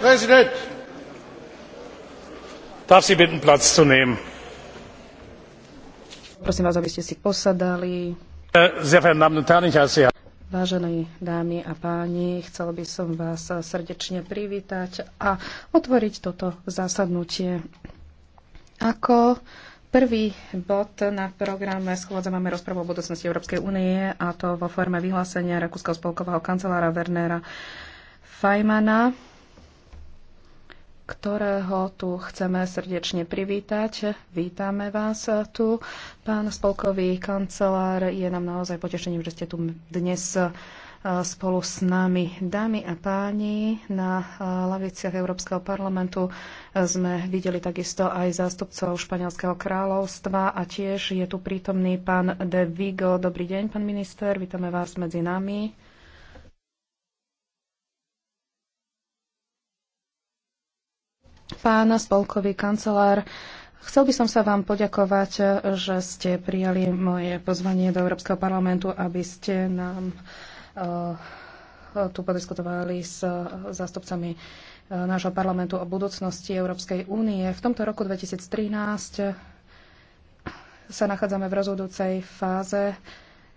präsident! darf sie bitten platz zu nehmen? prosím vás aby ste si posadali. Äh, Vážené dámy a páni, chcel by som vás srdečne privítať a otvoriť toto zasadnutie. Ako Prvý bod na programe schôdze máme rozprávu o budúcnosti Európskej únie a to vo forme vyhlásenia Rakúskeho spolkového kancelára Wernera Feimana ktorého tu chceme srdečne privítať. Vítame vás tu. Pán spolkový kancelár, je nám naozaj potešením, že ste tu dnes e, spolu s nami. Dámy a páni, na e, laviciach Európskeho parlamentu e, sme videli takisto aj zástupcov Španielského kráľovstva a tiež je tu prítomný pán De Vigo. Dobrý deň, pán minister, vítame vás medzi nami. Pán spolkový kancelár, chcel by som sa vám poďakovať, že ste prijali moje pozvanie do Európskeho parlamentu, aby ste nám uh, tu podiskutovali s eh, zástupcami eh, nášho parlamentu o budúcnosti Európskej únie. V tomto roku 2013 sa nachádzame v rozhodujúcej fáze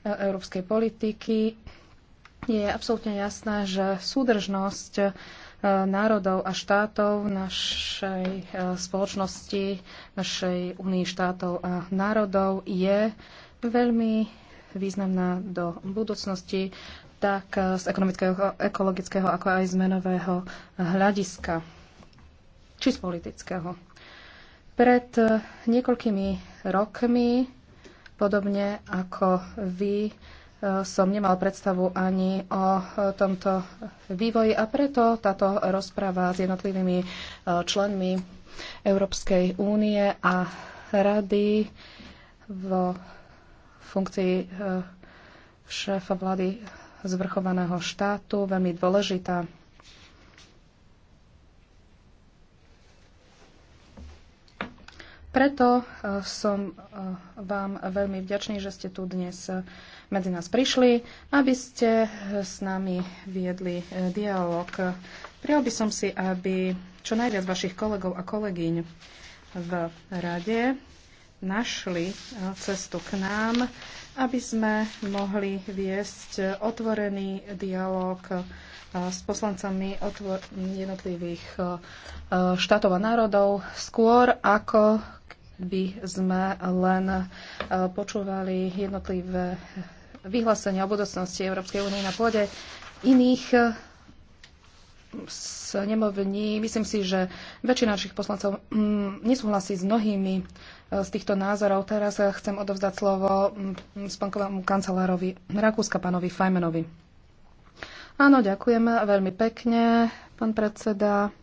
európskej politiky. Je absolútne jasné, že súdržnosť národov a štátov našej e, spoločnosti, našej únii štátov a národov je veľmi významná do budúcnosti, tak e, z ekonomického, ekologického, ako aj zmenového hľadiska, či z politického. Pred e, niekoľkými rokmi, podobne ako vy, som nemal predstavu ani o tomto vývoji a preto táto rozpráva s jednotlivými e, členmi Európskej únie a rady v funkcii e, šéfa vlády zvrchovaného štátu veľmi dôležitá. Preto e, som vám veľmi vďačný, že ste tu dnes medzi nás prišli, aby ste s nami viedli eh, dialog. Prijal by som si, aby čo najviac vašich kolegov a kolegyň v rade našli eh, cestu k nám, aby sme mohli viesť otvorený dialog eh, s poslancami jednotlivých štátov a národov skôr, ako by sme len počúvali jednotlivé vyhlásenia o budúcnosti Európskej únie na pôde iných eh, nemovní. Myslím si, že väčšina našich poslancov mm, nesúhlasí s mnohými eh, z týchto názorov. Teraz eh, chcem odovzdať slovo mm, spankovému kancelárovi Rakúska, pánovi Fajmenovi. Áno, ďakujem veľmi pekne, pán predseda.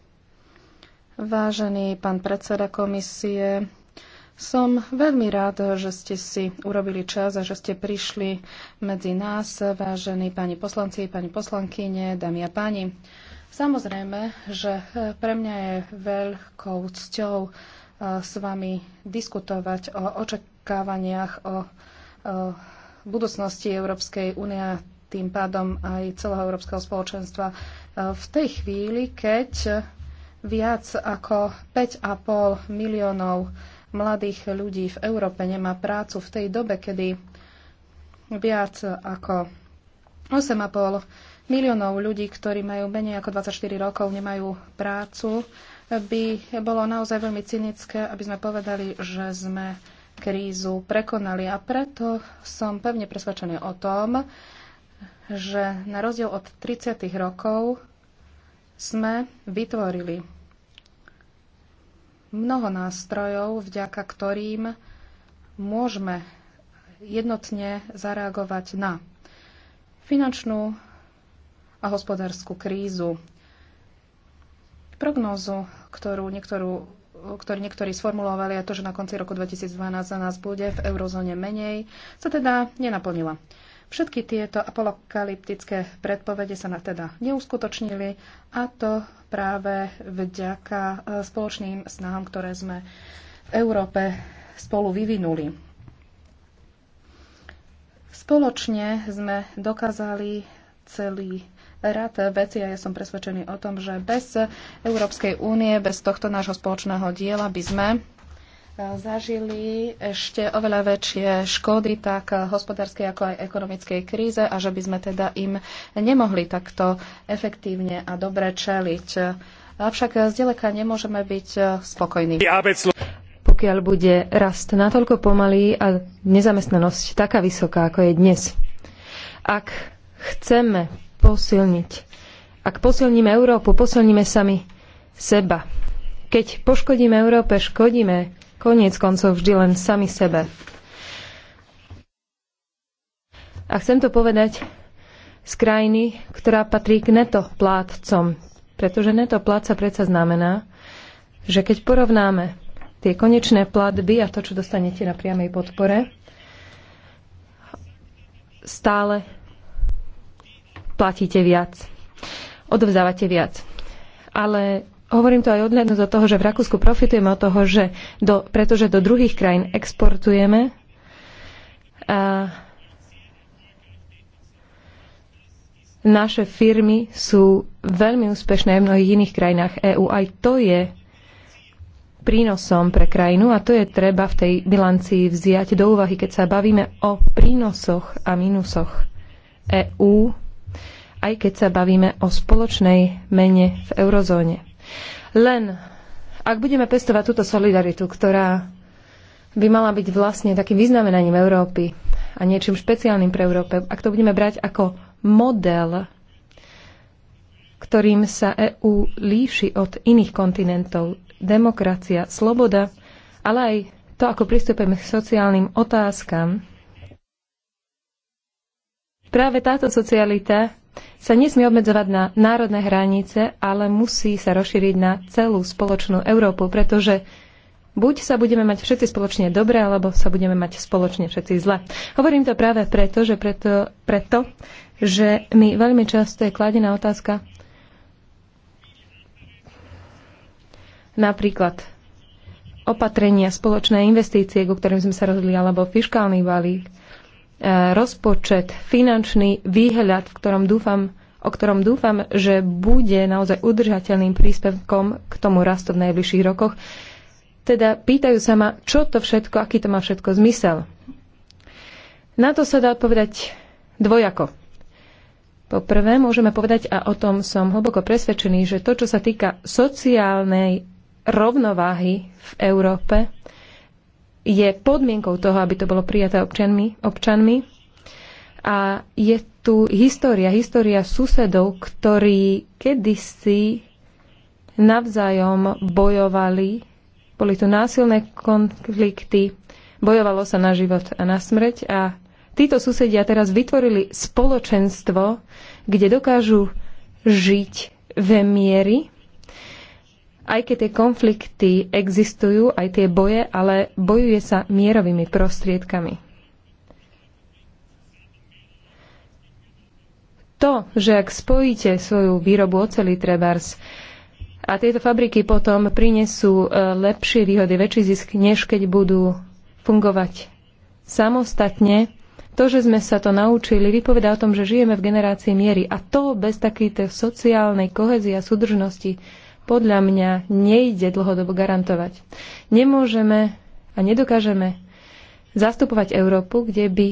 Vážený pán predseda komisie, som veľmi rád, že ste si urobili čas a že ste prišli medzi nás, vážení pani poslanci, pani poslankyne, dámy a páni. Samozrejme, že pre mňa je veľkou cťou eh, s vami diskutovať o očakávaniach o budúcnosti Európskej únie a tým pádom aj celého Európskeho spoločenstva eh, v tej chvíli, keď viac ako 5,5 miliónov mladých ľudí v Európe nemá prácu v tej dobe, kedy viac ako 8,5 miliónov ľudí, ktorí majú menej ako 24 rokov, nemajú prácu, by bolo naozaj veľmi cynické, aby sme povedali, že sme krízu prekonali. A preto som pevne presvedčený o tom, že na rozdiel od 30. rokov sme vytvorili mnoho nástrojov, vďaka ktorým môžeme jednotne zareagovať na finančnú a hospodárskú krízu. Prognózu, ktorú niektorú, ktorý niektorí sformulovali, a to, že na konci roku 2012 za nás bude v eurozóne menej, sa teda nenaplnila. Všetky tieto apokalyptické predpovede sa na teda neuskutočnili a to práve vďaka e, spoločným snahám, ktoré sme v Európe spolu vyvinuli. Spoločne sme dokázali celý rad veci a ja som presvedčený o tom, že bez Európskej únie, bez tohto nášho spoločného diela by sme zažili ešte oveľa väčšie škody tak hospodárskej ako aj ekonomickej kríze a že by sme teda im nemohli takto efektívne a dobre čeliť. Avšak zďaleka nemôžeme byť spokojní. Pokiaľ bude rast natoľko pomalý a nezamestnanosť taká vysoká, ako je dnes, ak chceme posilniť, ak posilníme Európu, posilníme sami seba. Keď poškodíme Európe, škodíme koniec koncov vždy len sami sebe. A chcem to povedať z krajiny, ktorá patrí k netoplátcom. Pretože netopláca predsa znamená, že keď porovnáme tie konečné platby a to, čo dostanete na priamej podpore, stále platíte viac. Odovzdávate viac. Ale Hovorím to aj odhľadnúť do toho, že v Rakúsku profitujeme od toho, že do, pretože do druhých krajín exportujeme a naše firmy sú veľmi úspešné v mnohých iných krajinách EÚ. Aj to je prínosom pre krajinu a to je treba v tej bilancii vziať do úvahy, keď sa bavíme o prínosoch a mínusoch EÚ, aj keď sa bavíme o spoločnej mene v eurozóne. Len ak budeme pestovať túto solidaritu, ktorá by mala byť vlastne takým vyznamenaním Európy a niečím špeciálnym pre Európe, ak to budeme brať ako model, ktorým sa EÚ líši od iných kontinentov, demokracia, sloboda, ale aj to, ako pristupujeme k sociálnym otázkam. Práve táto socialita sa nesmie obmedzovať na národné hranice, ale musí sa rozšíriť na celú spoločnú Európu, pretože buď sa budeme mať všetci spoločne dobre, alebo sa budeme mať spoločne všetci zle. Hovorím to práve preto, že, preto, preto, že mi veľmi často je kladená otázka napríklad opatrenia, spoločné investície, ku ktorým sme sa rozhodli, alebo fiškálny balík, rozpočet, finančný výhľad, v ktorom dúfam, o ktorom dúfam, že bude naozaj udržateľným príspevkom k tomu rastu v najbližších rokoch. Teda pýtajú sa ma, čo to všetko, aký to má všetko zmysel. Na to sa dá odpovedať dvojako. Po prvé, môžeme povedať, a o tom som hlboko presvedčený, že to, čo sa týka sociálnej rovnováhy v Európe, je podmienkou toho, aby to bolo prijaté občanmi, občanmi. A je tu história, história susedov, ktorí kedysi navzájom bojovali, boli tu násilné konflikty, bojovalo sa na život a na smrť a títo susedia teraz vytvorili spoločenstvo, kde dokážu žiť ve miery aj keď tie konflikty existujú, aj tie boje, ale bojuje sa mierovými prostriedkami. To, že ak spojíte svoju výrobu oceli trebárs a tieto fabriky potom prinesú e, lepšie výhody, väčší zisk, než keď budú fungovať samostatne, to, že sme sa to naučili, vypovedá o tom, že žijeme v generácii miery. A to bez takéto sociálnej kohezie a súdržnosti podľa mňa nejde dlhodobo garantovať. Nemôžeme a nedokážeme zastupovať Európu, kde by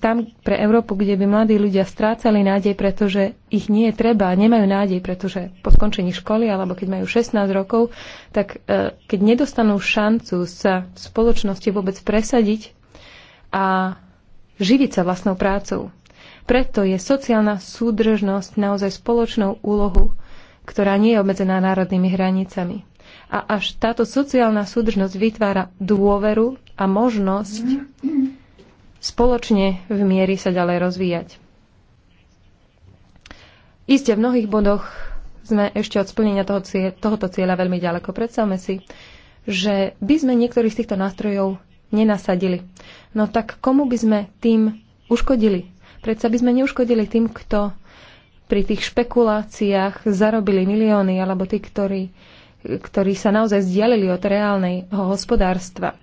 tam pre Európu, kde by mladí ľudia strácali nádej, pretože ich nie je treba, nemajú nádej, pretože po skončení školy alebo keď majú 16 rokov, tak e, keď nedostanú šancu sa v spoločnosti vôbec presadiť a živiť sa vlastnou prácou. Preto je sociálna súdržnosť naozaj spoločnou úlohu, ktorá nie je obmedzená národnými hranicami. A až táto sociálna súdržnosť vytvára dôveru a možnosť spoločne v miery sa ďalej rozvíjať. Isté v mnohých bodoch sme ešte od splnenia toho cieľ, tohoto cieľa veľmi ďaleko. Predstavme si, že by sme niektorých z týchto nástrojov nenasadili. No tak komu by sme tým uškodili? Predsa by sme neuškodili tým, kto pri tých špekuláciách zarobili milióny, alebo tí, ktorí, ktorí sa naozaj zdialili od reálneho hospodárstva.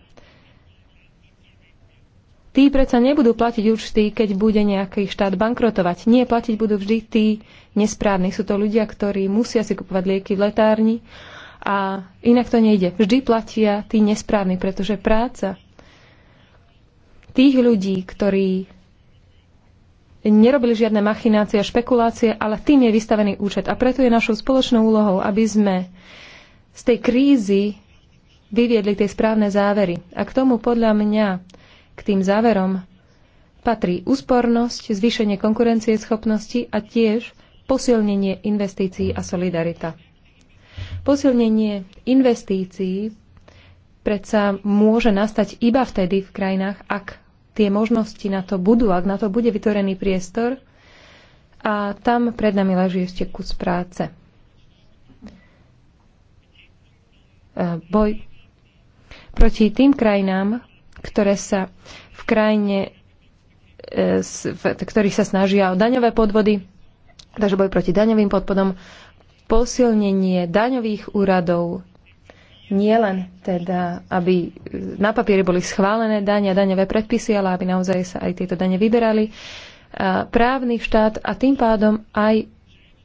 Tí predsa nebudú platiť účty, keď bude nejaký štát bankrotovať. Nie, platiť budú vždy tí nesprávni. Sú to ľudia, ktorí musia si kupovať lieky v letárni a inak to nejde. Vždy platia tí nesprávni, pretože práca tých ľudí, ktorí nerobili žiadne machinácie a špekulácie, ale tým je vystavený účet. A preto je našou spoločnou úlohou, aby sme z tej krízy vyviedli tie správne závery. A k tomu podľa mňa, k tým záverom, patrí úspornosť, zvýšenie konkurencieschopnosti a tiež posilnenie investícií a solidarita. Posilnenie investícií predsa môže nastať iba vtedy v krajinách, ak tie možnosti na to budú, ak na to bude vytvorený priestor a tam pred nami leží ešte kus práce. E, boj proti tým krajinám, ktoré sa v krajine, e, ktorých sa snažia o daňové podvody, takže boj proti daňovým podvodom, posilnenie daňových úradov, nie len teda, aby e, na papieri boli schválené dania, daňové predpisy, ale aby naozaj sa aj tieto dane vyberali. A e, právny štát a tým pádom aj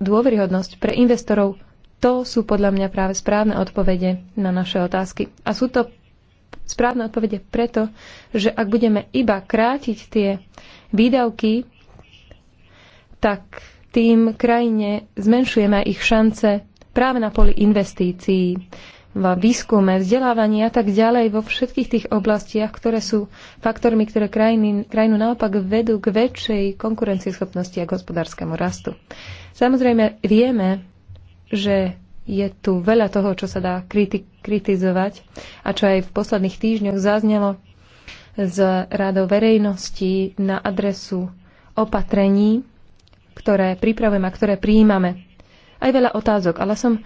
dôveryhodnosť pre investorov, to sú podľa mňa práve správne odpovede na naše otázky. A sú to správne odpovede preto, že ak budeme iba krátiť tie výdavky, tak tým krajine zmenšujeme ich šance práve na poli investícií v výskume, vzdelávaní a tak ďalej vo všetkých tých oblastiach, ktoré sú faktormi, ktoré krajiny, krajinu naopak vedú k väčšej konkurencieschopnosti a k hospodárskému rastu. Samozrejme, vieme, že je tu veľa toho, čo sa dá kriti- kritizovať a čo aj v posledných týždňoch zaznelo z rádov verejnosti na adresu opatrení, ktoré pripravujeme a ktoré prijímame. Aj veľa otázok, ale som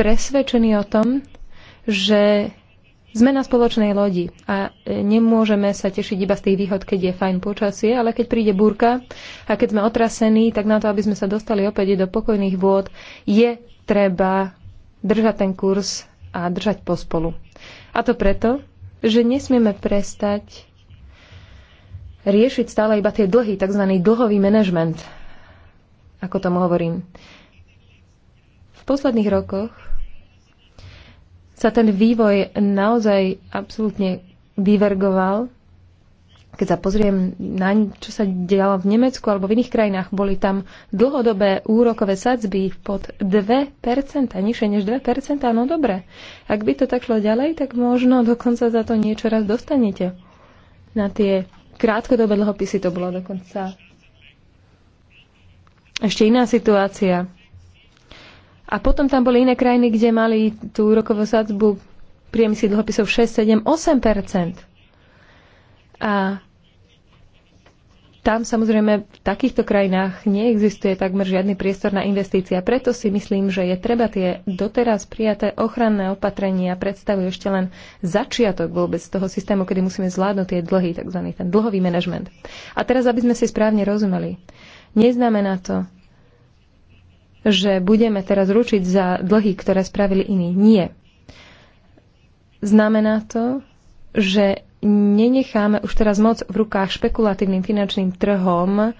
presvedčení o tom, že sme na spoločnej lodi a e, nemôžeme sa tešiť iba z tých výhod, keď je fajn počasie, ale keď príde búrka a keď sme otrasení, tak na to, aby sme sa dostali opäť do pokojných vôd, je treba držať ten kurz a držať pospolu. A to preto, že nesmieme prestať riešiť stále iba tie dlhy, tzv. dlhový manažment, ako tomu hovorím. V posledných rokoch sa ten vývoj naozaj absolútne divergoval. Keď sa pozriem na čo sa dialo v Nemecku alebo v iných krajinách, boli tam dlhodobé úrokové sadzby pod 2%, nižšie než 2%, no dobre. Ak by to tak šlo ďalej, tak možno dokonca za to niečo raz dostanete. Na tie krátkodobé dlhopisy to bolo dokonca ešte iná situácia. A potom tam boli iné krajiny, kde mali tú úrokovú sadzbu priemysly dlhopisov 6, 7, 8 A tam samozrejme v takýchto krajinách neexistuje takmer žiadny priestor na investícia. Preto si myslím, že je treba tie doteraz prijaté ochranné opatrenia predstavujú ešte len začiatok vôbec toho systému, kedy musíme zvládnuť tie dlhy, tzv. ten dlhový manažment. A teraz, aby sme si správne rozumeli, neznamená to, že budeme teraz ručiť za dlhy, ktoré spravili iní. Nie. Znamená to, že nenecháme už teraz moc v rukách špekulatívnym finančným trhom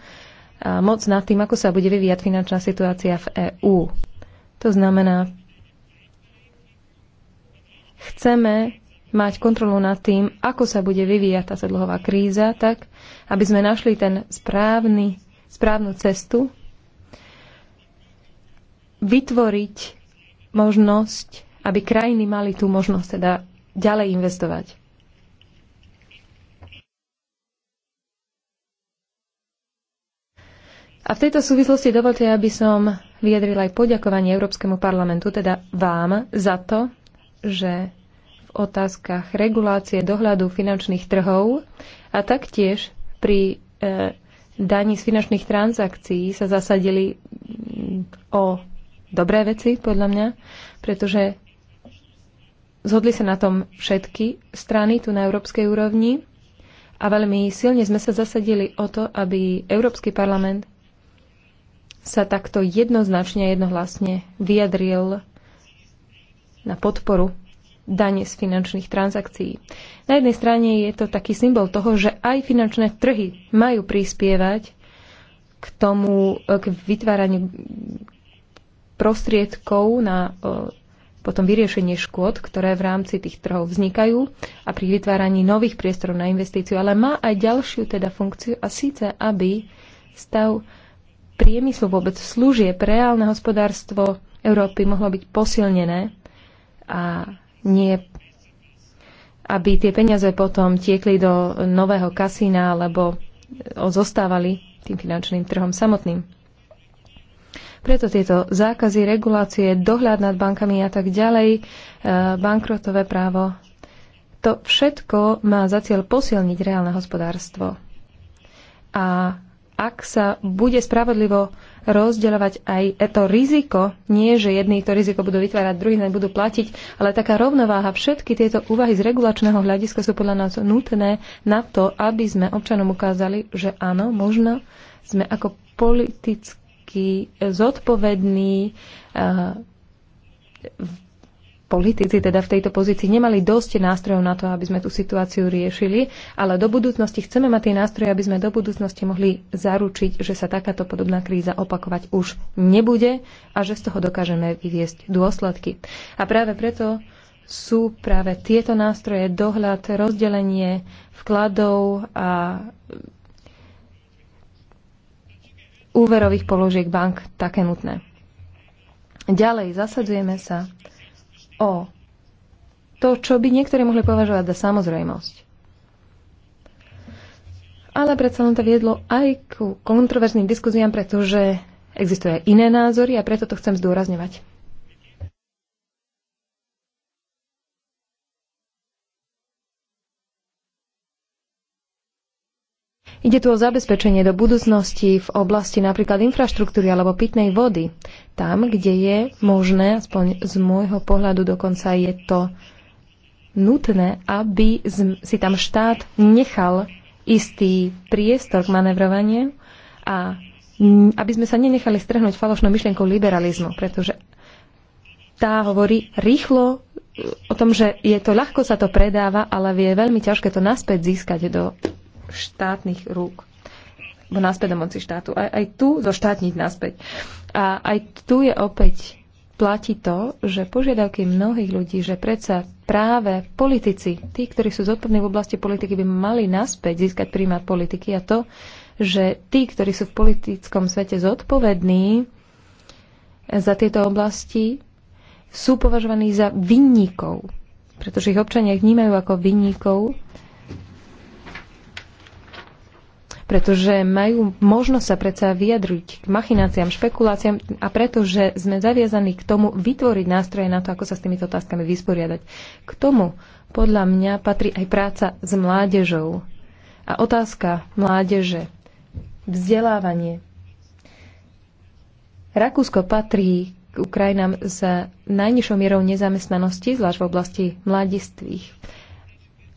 a moc nad tým, ako sa bude vyvíjať finančná situácia v EÚ. To znamená, chceme mať kontrolu nad tým, ako sa bude vyvíjať tá dlhová kríza, tak aby sme našli ten správny, správnu cestu, vytvoriť možnosť, aby krajiny mali tú možnosť teda ďalej investovať. A v tejto súvislosti dovolte, aby som vyjadrila aj poďakovanie Európskemu parlamentu, teda vám, za to, že v otázkach regulácie dohľadu finančných trhov a taktiež pri e, daní z finančných transakcií sa zasadili mm, o dobré veci, podľa mňa, pretože zhodli sa na tom všetky strany tu na európskej úrovni a veľmi silne sme sa zasadili o to, aby Európsky parlament sa takto jednoznačne a jednohlasne vyjadril na podporu dane z finančných transakcií. Na jednej strane je to taký symbol toho, že aj finančné trhy majú prispievať k tomu, k vytváraniu, prostriedkov na e, potom vyriešenie škôd, ktoré v rámci tých trhov vznikajú a pri vytváraní nových priestorov na investíciu, ale má aj ďalšiu teda funkciu a síce, aby stav priemyslu vôbec služieb, reálne hospodárstvo Európy mohlo byť posilnené a nie aby tie peniaze potom tiekli do nového kasína alebo e, zostávali tým finančným trhom samotným. Preto tieto zákazy, regulácie, dohľad nad bankami a tak ďalej, e, bankrotové právo, to všetko má za cieľ posilniť reálne hospodárstvo. A ak sa bude spravodlivo rozdeľovať aj to riziko, nie že jedný to riziko budú vytvárať, druhí naň budú platiť, ale taká rovnováha, všetky tieto úvahy z regulačného hľadiska sú podľa nás nutné na to, aby sme občanom ukázali, že áno, možno sme ako politici zodpovedný zodpovední eh, politici teda v tejto pozícii nemali dosť nástrojov na to, aby sme tú situáciu riešili, ale do budúcnosti chceme mať tie nástroje, aby sme do budúcnosti mohli zaručiť, že sa takáto podobná kríza opakovať už nebude a že z toho dokážeme vyviesť dôsledky. A práve preto sú práve tieto nástroje, dohľad, rozdelenie vkladov a úverových položiek bank také nutné. Ďalej zasadzujeme sa o to, čo by niektorí mohli považovať za samozrejmosť. Ale predsa len to viedlo aj ku kontroverzným diskuziám, pretože existujú aj iné názory a preto to chcem zdôrazňovať. Ide tu o zabezpečenie do budúcnosti v oblasti napríklad infraštruktúry alebo pitnej vody. Tam, kde je možné, aspoň z môjho pohľadu dokonca je to nutné, aby si tam štát nechal istý priestor k manevrovaniu a aby sme sa nenechali strhnúť falošnou myšlienkou liberalizmu, pretože tá hovorí rýchlo e, o tom, že je to ľahko sa to predáva, ale je veľmi ťažké to naspäť získať do štátnych rúk náspäť do moci štátu. Aj, aj tu zoštátniť naspäť. A aj tu je opäť platí to, že požiadavky mnohých ľudí, že predsa práve politici, tí, ktorí sú zodpovední v oblasti politiky, by mali naspäť získať primát politiky a to, že tí, ktorí sú v politickom svete zodpovední za tieto oblasti, sú považovaní za vinníkov, pretože ich občania vnímajú ako vinníkov pretože majú možnosť sa predsa vyjadriť k machináciám, špekuláciám a pretože sme zaviazaní k tomu vytvoriť nástroje na to, ako sa s týmito otázkami vysporiadať. K tomu podľa mňa patrí aj práca s mládežou a otázka mládeže, vzdelávanie. Rakúsko patrí k krajinám s najnižšou mierou nezamestnanosti, zvlášť v oblasti mladistvých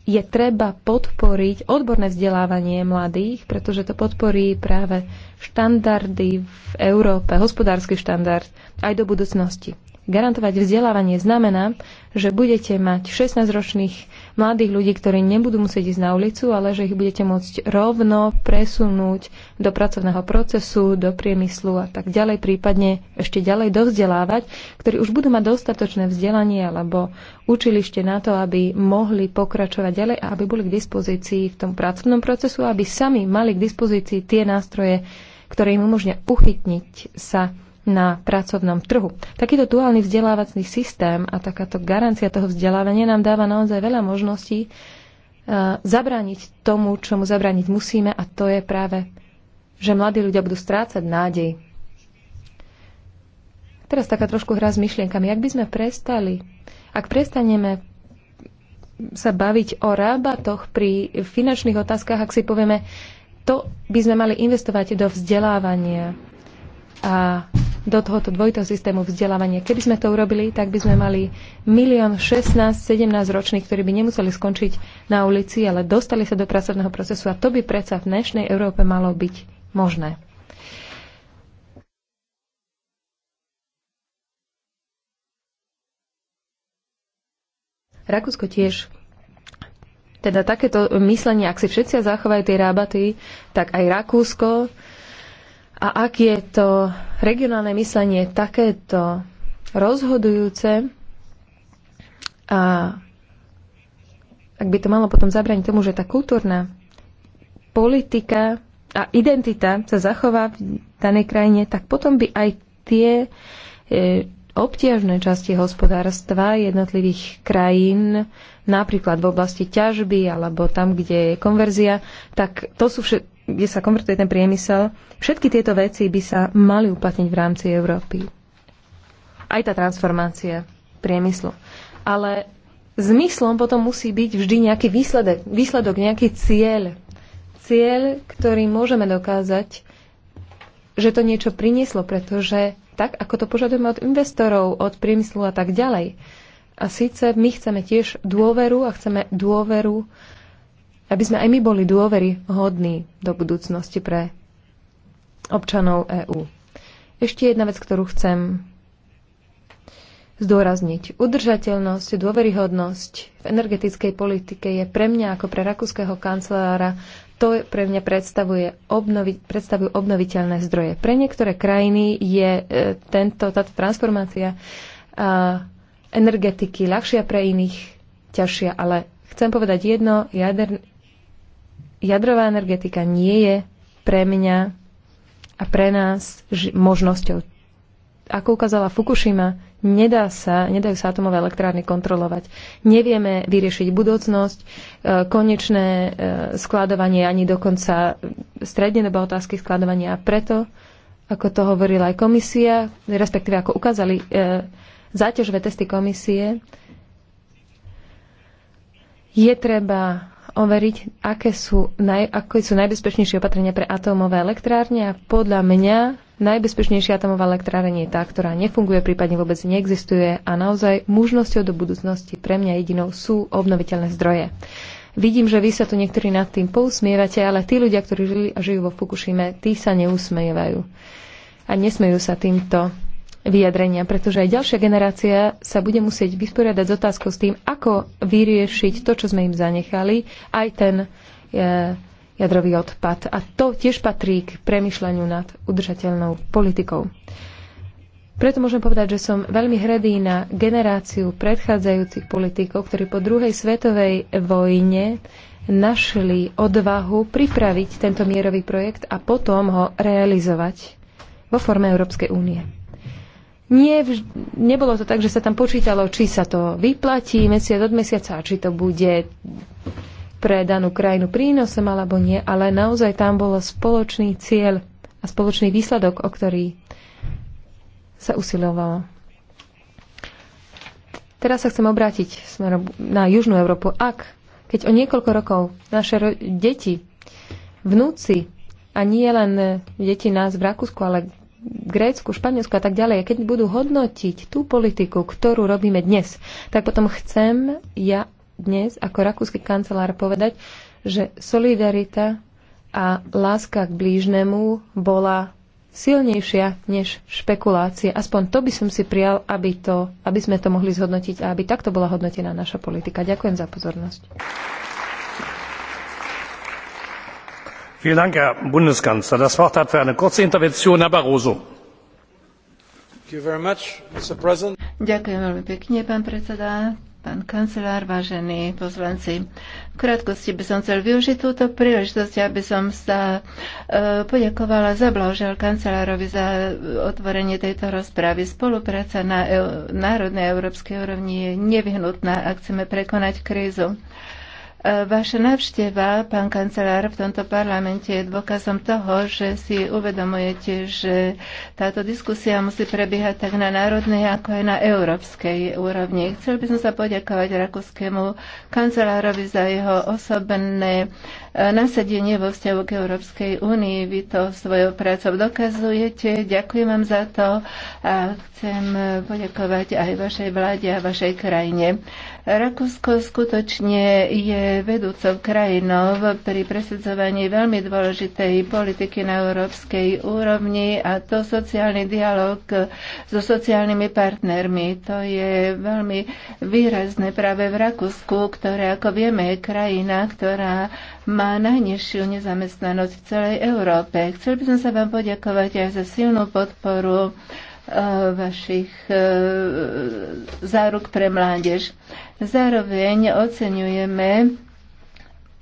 je treba podporiť odborné vzdelávanie mladých, pretože to podporí práve štandardy v Európe, hospodársky štandard aj do budúcnosti. Garantovať vzdelávanie znamená, že budete mať 16-ročných mladých ľudí, ktorí nebudú musieť ísť na ulicu, ale že ich budete môcť rovno presunúť do pracovného procesu, do priemyslu a tak ďalej, prípadne ešte ďalej dovzdelávať, ktorí už budú mať dostatočné vzdelanie alebo učilište na to, aby mohli pokračovať ďalej a aby boli k dispozícii v tom pracovnom procesu, aby sami mali k dispozícii tie nástroje, ktoré im umožňa uchytniť sa na pracovnom trhu. Takýto duálny vzdelávací systém a takáto garancia toho vzdelávania nám dáva naozaj veľa možností e, zabrániť tomu, čo mu zabrániť musíme a to je práve, že mladí ľudia budú strácať nádej. Teraz taká trošku hra s myšlienkami. Ak by sme prestali, ak prestaneme sa baviť o rábatoch pri finančných otázkach, ak si povieme, to by sme mali investovať do vzdelávania a do tohoto dvojitého systému vzdelávania. Keby sme to urobili, tak by sme mali milión 16-17 ročných, ktorí by nemuseli skončiť na ulici, ale dostali sa do pracovného procesu a to by predsa v dnešnej Európe malo byť možné. Rakúsko tiež teda takéto myslenie, ak si všetci zachovajú tie rábaty, tak aj Rakúsko a ak je to regionálne myslenie takéto rozhodujúce a ak by to malo potom zabraniť tomu, že tá kultúrna politika a identita sa zachová v danej krajine, tak potom by aj tie e, obtiažné časti hospodárstva jednotlivých krajín, napríklad v oblasti ťažby alebo tam, kde je konverzia, tak to sú všet, kde sa konvertuje ten priemysel, všetky tieto veci by sa mali uplatniť v rámci Európy. Aj tá transformácia priemyslu. Ale zmyslom potom musí byť vždy nejaký výsledek, výsledok, nejaký cieľ. Cieľ, ktorý môžeme dokázať, že to niečo prinieslo, pretože tak, ako to požadujeme od investorov, od priemyslu a tak ďalej. A síce my chceme tiež dôveru a chceme dôveru uh, aby sme aj my boli dôvery hodní do budúcnosti pre občanov EÚ. Ešte jedna vec, ktorú chcem zdôrazniť. Udržateľnosť, dôveryhodnosť v energetickej politike je pre mňa ako pre rakúskeho kancelára to pre mňa predstavuje obnovi, predstavujú obnoviteľné zdroje. Pre niektoré krajiny je e, tento, táto transformácia a, e, energetiky ľahšia pre iných, ťažšia, ale chcem povedať jedno, jader, jadrová energetika nie je pre mňa a pre nás možnosťou. Ako ukázala Fukushima, nedá sa, nedajú sa atomové elektrárne kontrolovať. Nevieme vyriešiť budúcnosť, e, konečné e, skladovanie ani dokonca stredne strednedobé otázky skladovania a preto, ako to hovorila aj komisia, respektíve ako ukázali e, záťažové testy komisie, je treba overiť, aké sú, naj, aké sú najbezpečnejšie opatrenia pre atómové elektrárne a podľa mňa najbezpečnejšia atómová elektrárne je tá, ktorá nefunguje, prípadne vôbec neexistuje a naozaj možnosťou do budúcnosti pre mňa jedinou sú obnoviteľné zdroje. Vidím, že vy sa tu niektorí nad tým pousmievate, ale tí ľudia, ktorí žili a žijú vo Fukushime, tí sa neusmievajú a nesmejú sa týmto vyjadrenia, pretože aj ďalšia generácia sa bude musieť vysporiadať s otázkou s tým, ako vyriešiť to, čo sme im zanechali, aj ten e, jadrový odpad. A to tiež patrí k premyšľaniu nad udržateľnou politikou. Preto môžem povedať, že som veľmi hredý na generáciu predchádzajúcich politikov, ktorí po druhej svetovej vojne našli odvahu pripraviť tento mierový projekt a potom ho realizovať vo forme Európskej únie. Nie, nebolo to tak, že sa tam počítalo, či sa to vyplatí mesiac od mesiaca, či to bude pre danú krajinu prínosom alebo nie, ale naozaj tam bol spoločný cieľ a spoločný výsledok, o ktorý sa usilovalo. Teraz sa chcem obrátiť smerom na Južnú Európu. Ak, keď o niekoľko rokov naše deti, vnúci, a nie len deti nás v Rakúsku, ale Grécku, Španielsku a tak ďalej, keď budú hodnotiť tú politiku, ktorú robíme dnes, tak potom chcem ja dnes ako rakúsky kancelár povedať, že solidarita a láska k blížnemu bola silnejšia než špekulácie. Aspoň to by som si prijal, aby, to, aby sme to mohli zhodnotiť a aby takto bola hodnotená naša politika. Ďakujem za pozornosť. vielen dank herr bundeskanzler! das wort hat für eine kurze intervention herr barroso. predseda pán kancelár, vážení poslanci. V krátkosti by som chcel využiť túto príležitosť, aby som sa e, poďakovala za blahožel kancelárovi za otvorenie tejto rozpravy. Spolupráca na e, národnej a európskej úrovni je nevyhnutná, ak chceme prekonať krízu. Vaša návšteva, pán kancelár, v tomto parlamente je dôkazom toho, že si uvedomujete, že táto diskusia musí prebiehať tak na národnej, ako aj na európskej úrovni. Chcel by som sa poďakovať rakúskému kancelárovi za jeho osobné eh, nasadenie vo vzťahu k Európskej únii. Vy to svojou prácou dokazujete. Ďakujem vám za to a chcem poďakovať aj vašej vláde a vašej krajine. Rakúsko skutočne je vedúcou krajinou pri presadzovaní veľmi dôležitej politiky na európskej úrovni a to sociálny dialog so sociálnymi partnermi. To je veľmi výrazné práve v Rakúsku, ktoré, ako vieme, je krajina, ktorá má najnižšiu nezamestnanosť v celej Európe. Chcel by som sa vám poďakovať aj za silnú podporu eh, vašich eh, záruk pre mládež. Zároveň oceňujeme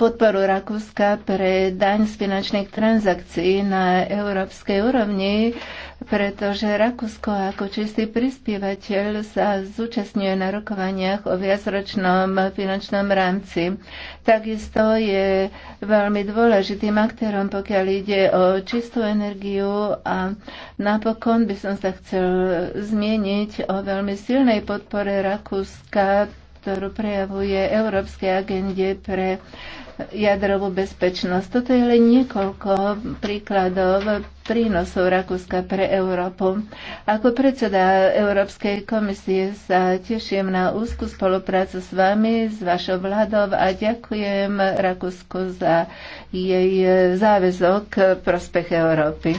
podporu Rakúska pre daň z finančných transakcií na európskej úrovni, pretože Rakúsko ako čistý prispievateľ sa zúčastňuje na rokovaniach o viacročnom finančnom rámci. Takisto je veľmi dôležitým aktérom, pokiaľ ide o čistú energiu a napokon by som sa chcel zmieniť o veľmi silnej podpore Rakúska ktorú prejavuje Európskej agende pre jadrovú bezpečnosť. Toto je len niekoľko príkladov prínosov Rakúska pre Európu. Ako predseda Európskej komisie sa teším na úzku spoluprácu s vami, s vašou vládou a ďakujem Rakúsku za jej záväzok prospech Európy.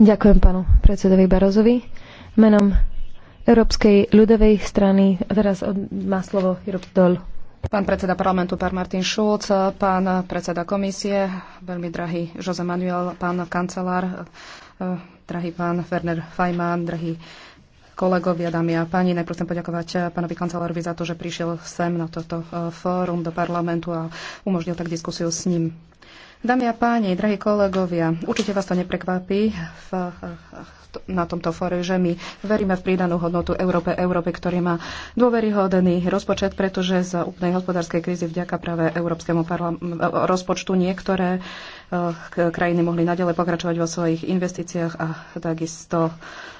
Ďakujem pánu predsedovi Barozovi. Menom Európskej ľudovej strany teraz má slovo Európ Dol. Pán predseda parlamentu, pán Martin Šulc, pán predseda komisie, veľmi drahý Jose Manuel, pán kancelár, eh, drahý pán Werner Fajman, drahý kolegovia, dámy a páni. Najprv chcem poďakovať eh, pánovi kancelárovi za to, že prišiel sem na toto eh, fórum do parlamentu a umožnil tak diskusiu s ním. Dámy a páni, drahí kolegovia, určite vás to neprekvapí v na tomto fore, že my veríme v pridanú hodnotu Európe, Európe, ktorý má dôveryhodný rozpočet, pretože za úplnej hospodárskej krízy vďaka práve Európskemu rozpočtu niektoré eh, krajiny mohli nadalej pokračovať vo svojich investíciách a takisto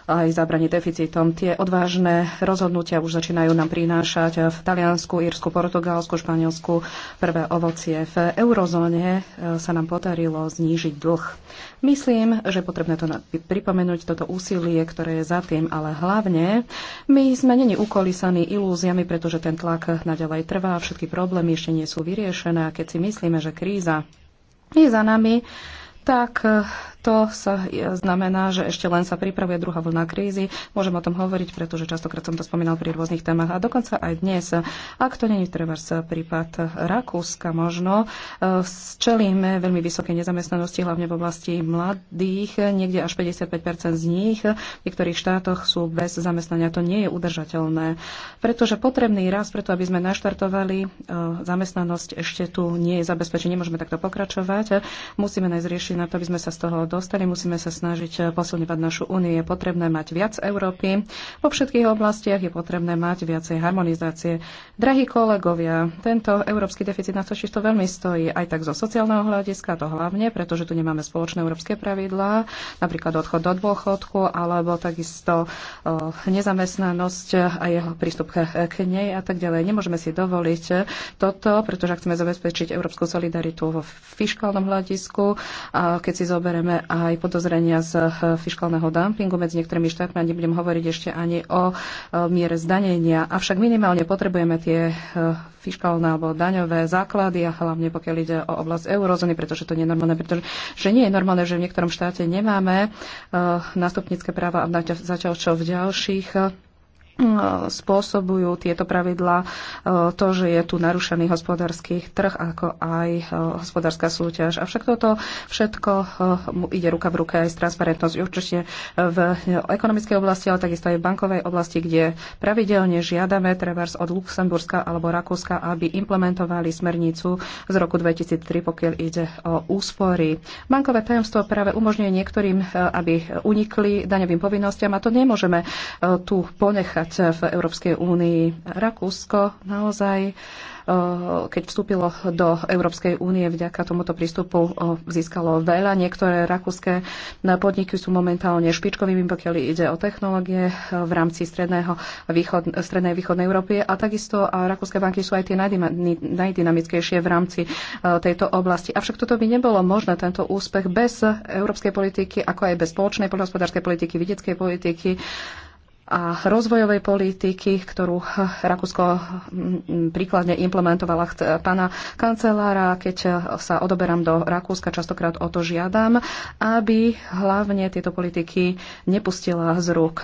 aj zabranie deficitom. Tie odvážne rozhodnutia už začínajú nám prinášať v Taliansku, Írsku, Portugalsku, Španielsku prvé ovocie. V eurozóne eh, sa nám podarilo znížiť dlh. Myslím, že potrebné to pripomenúť, toto úsilie, ktoré je za tým, ale hlavne my sme není ukolísaní ilúziami, pretože ten tlak naďalej trvá, všetky problémy ešte nie sú vyriešené a keď si myslíme, že kríza je za nami, tak eh, to sa e, znamená, že ešte len sa pripravuje druhá vlna krízy. Môžem o tom hovoriť, pretože častokrát som to spomínal pri rôznych témach a dokonca aj dnes. Ak to není treba prípad Rakúska možno, e, čelíme veľmi vysoké nezamestnanosti, hlavne v oblasti mladých. Niekde až 55 z nich v niektorých štátoch sú bez zamestnania. To nie je udržateľné, pretože potrebný raz, preto aby sme naštartovali e, zamestnanosť, ešte tu nie je zabezpečený. Nemôžeme takto pokračovať. Musíme nájsť riešenie na to, aby sme sa z toho dostali. Musíme sa snažiť eh, posilňovať našu úniu. Je potrebné mať viac Európy. Vo všetkých oblastiach je potrebné mať viacej harmonizácie. Drahí kolegovia, tento európsky deficit na totiž to veľmi stojí aj tak zo sociálneho hľadiska, to hlavne, pretože tu nemáme spoločné európske pravidlá, napríklad odchod do dôchodku alebo takisto eh, nezamestnanosť a jeho prístup eh, k nej a tak ďalej. Nemôžeme si dovoliť toto, pretože ak chceme zabezpečiť európsku solidaritu vo fiskálnom hľadisku, a keď si zoberieme aj podozrenia z eh, fiskálneho dumpingu medzi niektorými štátmi a nebudem hovoriť ešte ani o eh, miere zdanenia. Avšak minimálne potrebujeme tie eh, fiskálne alebo daňové základy a hlavne pokiaľ ide o oblasť eurozóny, pretože to nie je normálne, pretože že nie je normálne, že v niektorom štáte nemáme nástupnícke práva a zatiaľ čo v ďalších spôsobujú tieto pravidlá e, to, že je tu narušený hospodársky trh, ako aj e, hospodárska súťaž. Avšak toto všetko e, ide ruka v ruke aj s transparentnosť určite v ekonomickej oblasti, ale takisto aj v bankovej oblasti, kde pravidelne žiadame trebárs od Luxemburska alebo Rakúska, aby implementovali smernicu z roku 2003, pokiaľ ide o úspory. Bankové tajomstvo práve umožňuje niektorým, aby unikli daňovým povinnostiam a to nemôžeme tu ponechať napríklad v Európskej únii. Rakúsko naozaj, keď vstúpilo do Európskej únie, vďaka tomuto prístupu získalo veľa. Niektoré rakúske podniky sú momentálne špičkovými, pokiaľ ide o technológie v rámci stredného východ, strednej východnej Európy. A takisto a rakúske banky sú aj tie najdynamickejšie v rámci tejto oblasti. Avšak toto by nebolo možné, tento úspech, bez európskej politiky, ako aj bez spoločnej poľnohospodárskej politiky, vidieckej politiky, a rozvojovej politiky, ktorú Rakúsko príkladne implementovala pána kancelára. Keď sa odoberám do Rakúska, častokrát o to žiadam, aby hlavne tieto politiky nepustila z rúk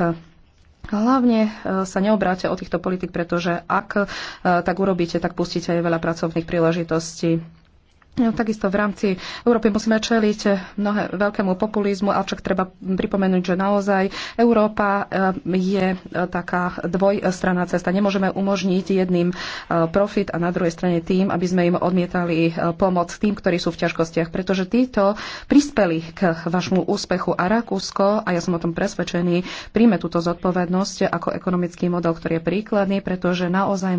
Hlavne e, sa neobráte o týchto politik, pretože ak e, tak urobíte, tak pustíte aj veľa pracovných príležitostí. No, takisto v rámci Európy musíme čeliť mnohé veľkému populizmu, avšak treba pripomenúť, že naozaj Európa eh, je eh, taká dvojstranná cesta. Nemôžeme umožniť jedným eh, profit a na druhej strane tým, aby sme im odmietali pomoc tým, ktorí sú v ťažkostiach, pretože títo prispeli k vašmu úspechu a Rakúsko, a ja som o tom presvedčený, príjme túto zodpovednosť ako ekonomický model, ktorý je príkladný, pretože naozaj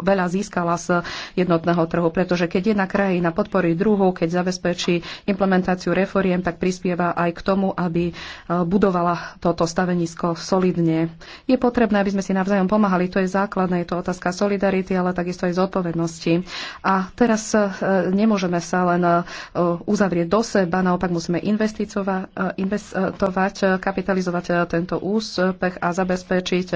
veľa získala z jednotného trhu, pretože keď jedna krajina pod podpory druhu, keď zabezpečí implementáciu reforiem, tak prispieva aj k tomu, aby e, budovala toto stavenisko solidne. Je potrebné, aby sme si navzájom pomáhali. To je základné, je to otázka solidarity, ale takisto aj zodpovednosti. A teraz e, nemôžeme sa len e, uzavrieť do seba, naopak musíme investovať, kapitalizovať tento úspech a zabezpečiť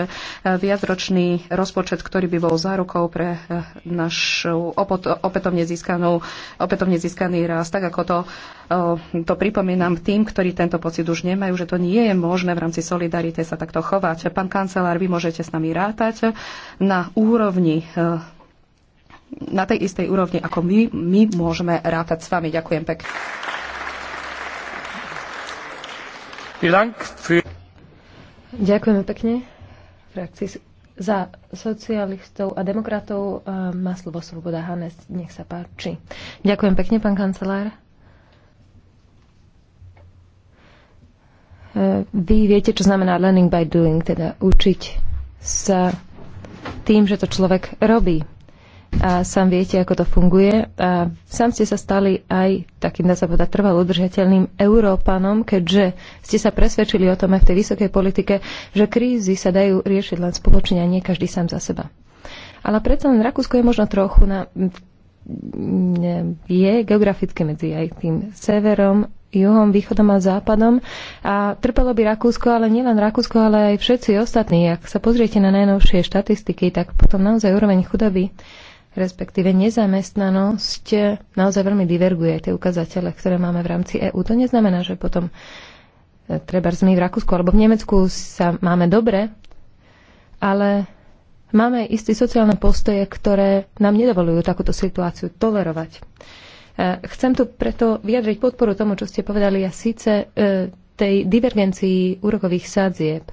viacročný rozpočet, ktorý by bol zárukou pre našu opätovne získanú opätovne získaný rast, tak ako to, eh, to pripomínam tým, ktorí tento pocit už nemajú, že to nie je možné v rámci solidarity sa takto chovať. Pán kancelár, vy môžete s nami rátať na úrovni eh, na tej istej úrovni, ako my, my môžeme rátať s vami. Ďakujem pekne. Ďakujeme pekne frakcii za socialistov a demokratov e, má slovo Svoboda Hanes. Nech sa páči. Ďakujem pekne, pán kancelár. E, vy viete, čo znamená learning by doing, teda učiť sa tým, že to človek robí a sám viete, ako to funguje. A sám ste sa stali aj takým, dá sa povedať, trvalo udržateľným Európanom, keďže ste sa presvedčili o tom aj v tej vysokej politike, že krízy sa dajú riešiť len spoločne a nie každý sám za seba. Ale predsa len Rakúsko je možno trochu na, je geograficky medzi aj tým severom, juhom, východom a západom. A trpelo by Rakúsko, ale nielen Rakúsko, ale aj všetci ostatní. Ak sa pozriete na najnovšie štatistiky, tak potom naozaj úroveň chudoby respektíve nezamestnanosť naozaj veľmi diverguje tie ukazatele, ktoré máme v rámci EÚ. To neznamená, že potom e, treba my v Rakúsku alebo v Nemecku sa máme dobre, ale máme isté sociálne postoje, ktoré nám nedovolujú takúto situáciu tolerovať. E, chcem tu preto vyjadriť podporu tomu, čo ste povedali, a síce e, tej divergencii úrokových sadzieb.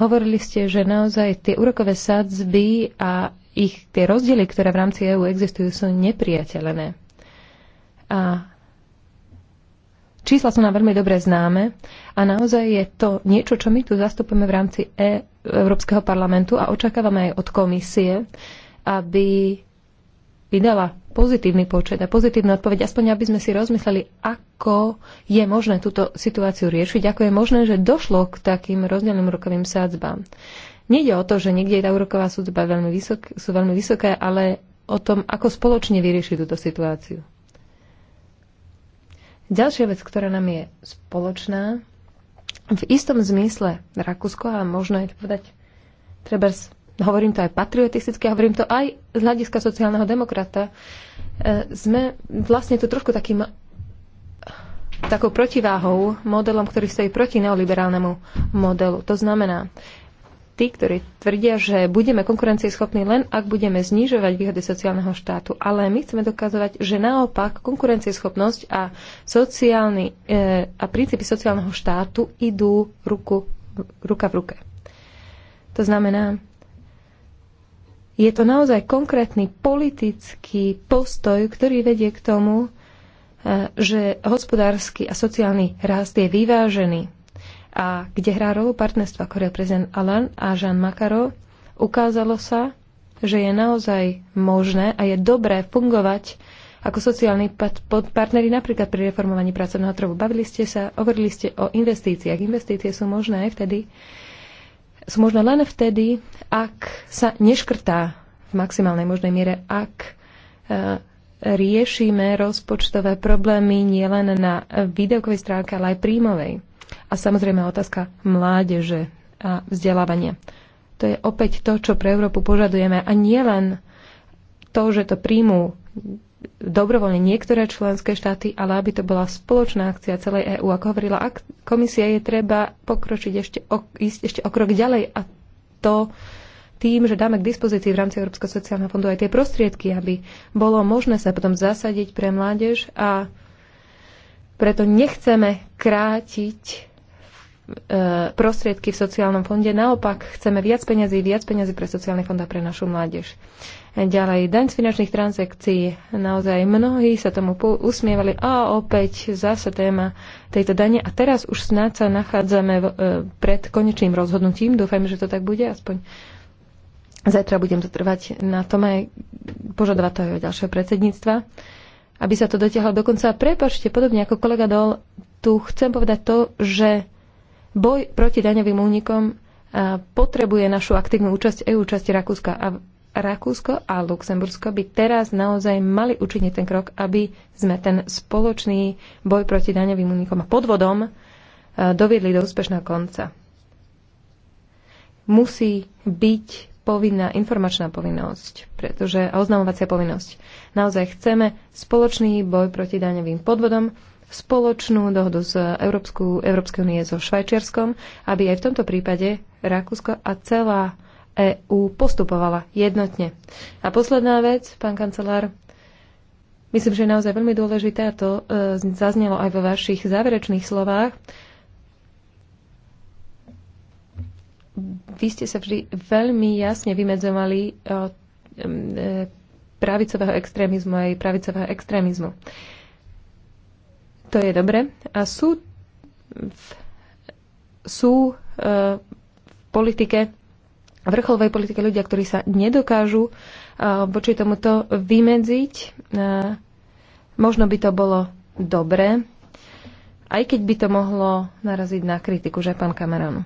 Hovorili ste, že naozaj tie úrokové sadzby a ich, tie rozdiely, ktoré v rámci EÚ existujú, sú nepriateľné. A čísla sú nám veľmi dobre známe a naozaj je to niečo, čo my tu zastupujeme v rámci e- Európskeho parlamentu a očakávame aj od komisie, aby vydala pozitívny počet a pozitívnu odpoveď, aspoň aby sme si rozmysleli, ako je možné túto situáciu riešiť, ako je možné, že došlo k takým rozdielnym rokovým sádzbám. Nejde o to, že niekde je tá úroková súdba veľmi vysok, sú veľmi vysoké, ale o tom, ako spoločne vyriešiť túto situáciu. Ďalšia vec, ktorá nám je spoločná, v istom zmysle Rakúsko a možno aj povedať, treba hovorím to aj patriotisticky, hovorím to aj z hľadiska sociálneho demokrata, e, sme vlastne tu trošku takým takou protiváhou modelom, ktorý stojí proti neoliberálnemu modelu. To znamená, tí, ktorí tvrdia, že budeme konkurencieschopní len ak budeme znižovať výhody sociálneho štátu. Ale my chceme dokazovať, že naopak konkurencieschopnosť a, sociálny, e, a princípy sociálneho štátu idú ruku, ruka v ruke. To znamená, je to naozaj konkrétny politický postoj, ktorý vedie k tomu, e, že hospodársky a sociálny rast je vyvážený a kde hrá rolu partnerstva ako prezident Alan a Jean Makarov, ukázalo sa, že je naozaj možné a je dobré fungovať ako sociálni partneri napríklad pri reformovaní pracovného trhu. Bavili ste sa, hovorili ste o investíciách. Investície sú možné aj vtedy, sú možné len vtedy, ak sa neškrtá v maximálnej možnej miere, ak e, riešime rozpočtové problémy nielen na videokovej stránke, ale aj príjmovej. A samozrejme otázka mládeže a vzdelávania. To je opäť to, čo pre Európu požadujeme. A nie len to, že to príjmú dobrovoľne niektoré členské štáty, ale aby to bola spoločná akcia celej EÚ. Ako hovorila ak- komisia, je treba pokročiť ešte o, ísť ešte o krok ďalej a to tým, že dáme k dispozícii v rámci Európskeho sociálneho fondu aj tie prostriedky, aby bolo možné sa potom zasadiť pre mládež a preto nechceme krátiť E, prostriedky v sociálnom fonde. Naopak, chceme viac peniazy, viac peňazí pre sociálny fond a pre našu mládež. E, ďalej, daň z finančných transakcií. Naozaj mnohí sa tomu usmievali. A opäť zase téma tejto dane. A teraz už snáď sa nachádzame v, e, pred konečným rozhodnutím. Dúfajme, že to tak bude. Aspoň zajtra budem trvať na tom aj požadovať toho ďalšieho predsedníctva aby sa to dotiahlo dokonca. Prepačte, podobne ako kolega Dol, tu chcem povedať to, že Boj proti daňovým únikom potrebuje našu aktívnu účasť EU časti Rakúska a Rakúsko a Luxembursko by teraz naozaj mali učiniť ten krok, aby sme ten spoločný boj proti daňovým únikom a podvodom doviedli do úspešného konca. Musí byť povinná informačná povinnosť, pretože oznamovacia povinnosť. Naozaj chceme spoločný boj proti daňovým podvodom, spoločnú dohodu z Európsku, Európskej únie so Švajčiarskom, aby aj v tomto prípade Rakúsko a celá EÚ postupovala jednotne. A posledná vec, pán kancelár, myslím, že je naozaj veľmi dôležité, a to e, zaznelo aj vo vašich záverečných slovách, vy ste sa vždy veľmi jasne vymedzovali e, e pravicového extrémizmu aj pravicového extrémizmu. To je dobre. A sú, sú e, v politike vrcholovej politike ľudia, ktorí sa nedokážu e, voči tomuto vymedziť. E, možno by to bolo dobre, aj keď by to mohlo naraziť na kritiku, že pán Cameron.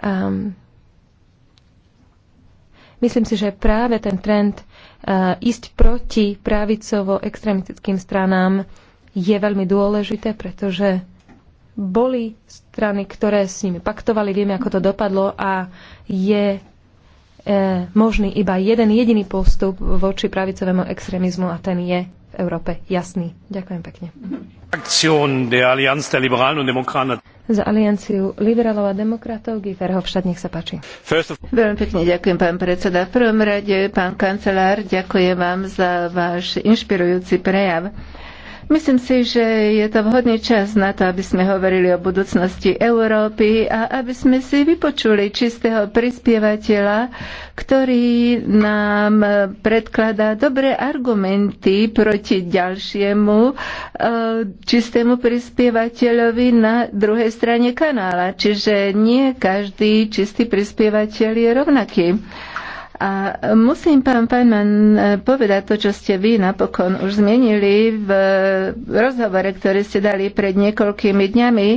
Um, myslím si, že práve ten trend uh, ísť proti pravicovo extremistickým stranám je veľmi dôležité, pretože boli strany, ktoré s nimi paktovali, vieme, ako to dopadlo a je e, možný iba jeden jediný postup voči pravicovému extrémizmu a ten je v Európe jasný. Ďakujem pekne. Za alianciu liberálov a demokratov Guy Verhofstadt, nech sa páči. Veľmi pekne ďakujem, pán predseda. V prvom rade, pán kancelár, ďakujem vám za váš inšpirujúci prejav. Myslím si, že je to vhodný čas na to, aby sme hovorili o budúcnosti Európy a aby sme si vypočuli čistého prispievateľa, ktorý nám predkladá dobré argumenty proti ďalšiemu e, čistému prispievateľovi na druhej strane kanála. Čiže nie každý čistý prispievateľ je rovnaký. A musím, pán Pajman, povedať to, čo ste vy napokon už zmenili v rozhovore, ktorý ste dali pred niekoľkými dňami.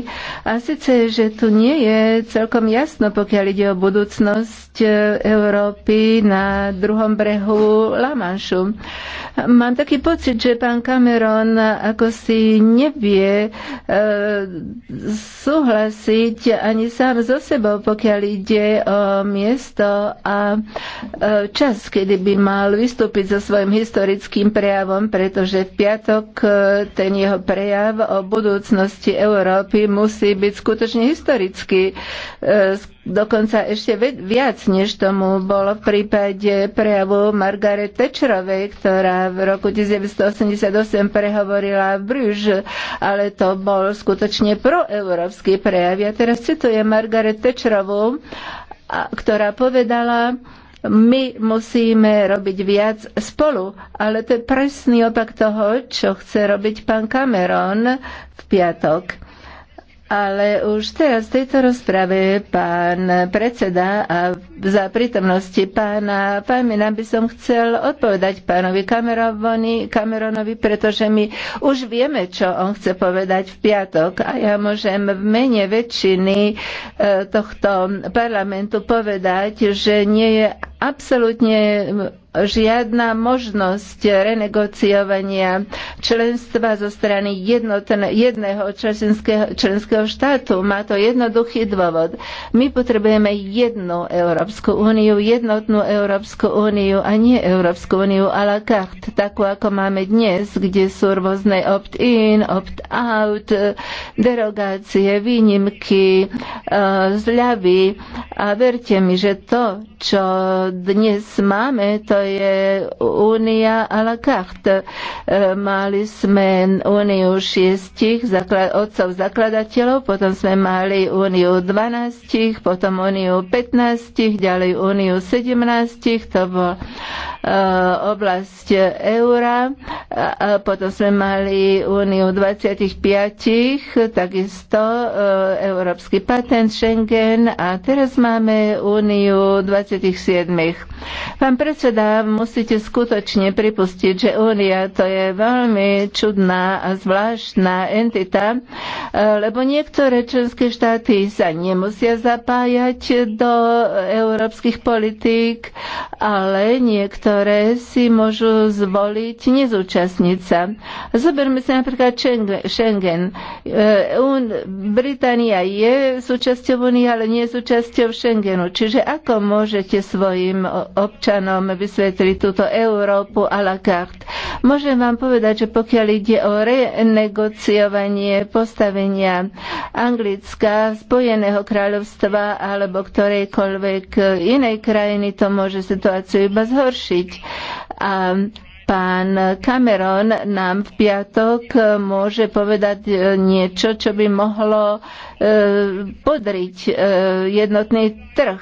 A sice, že tu nie je celkom jasno, pokiaľ ide o budúcnosť e, Európy na druhom brehu Lamanšu. Mám taký pocit, že pán Cameron ako si nevie e, súhlasiť ani sám so sebou, pokiaľ ide o miesto a Eh, čas, kedy by mal vystúpiť so svojím historickým prejavom, pretože v piatok eh, ten jeho prejav o budúcnosti Európy musí byť skutočne historický, eh, dokonca ešte viac, než tomu bolo v prípade prejavu Margaret Thatcherovej, ktorá v roku 1988 prehovorila v Bruges, ale to bol skutočne proeurópsky prejav. Ja teraz citujem Margaret Thatcherovú, ktorá povedala, my musíme robiť viac spolu, ale to je presný opak toho, čo chce robiť pán Cameron v piatok ale už teraz v tejto rozprave pán predseda a za prítomnosti pána Fajmina by som chcel odpovedať pánovi Cameronovi, Cameronovi, pretože my už vieme, čo on chce povedať v piatok a ja môžem v mene väčšiny e, tohto parlamentu povedať, že nie je absolútne žiadna možnosť renegociovania členstva zo strany jednotne, jedného členského, členského štátu. Má to jednoduchý dôvod. My potrebujeme jednu Európsku úniu, jednotnú Európsku úniu a nie Európsku úniu a la carte, takú ako máme dnes, kde sú rôzne opt-in, opt-out, derogácie, výnimky, e, zľavy. A verte mi, že to, čo dnes máme, to je únia a la carte. E, mali sme úniu šiestich zaklad- otcov zakladateľov, potom sme mali úniu 12, potom úniu 15, ďalej úniu 17, to bol e, oblasť eura, a potom sme mali úniu 25, takisto e, európsky patent Schengen a teraz máme úniu 27. Pán predseda musíte skutočne pripustiť, že Únia to je veľmi čudná a zvláštna entita, eh, lebo niektoré členské štáty sa nemusia zapájať do európskych politík, ale niektoré si môžu zvoliť nezúčastniť sa. Zoberme sa napríklad Schengen. Eh, Británia je súčasťou Únie, ale nie je súčasťou Schengenu. Čiže ako môžete svojim občanom vysvetliť, vysvetliť túto Európu a la carte. Môžem vám povedať, že pokiaľ ide o renegociovanie postavenia Anglicka, Spojeného kráľovstva alebo ktorejkoľvek inej krajiny, to môže situáciu iba zhoršiť. A pán Cameron nám v piatok môže povedať e, niečo, čo by mohlo e, podriť e, jednotný trh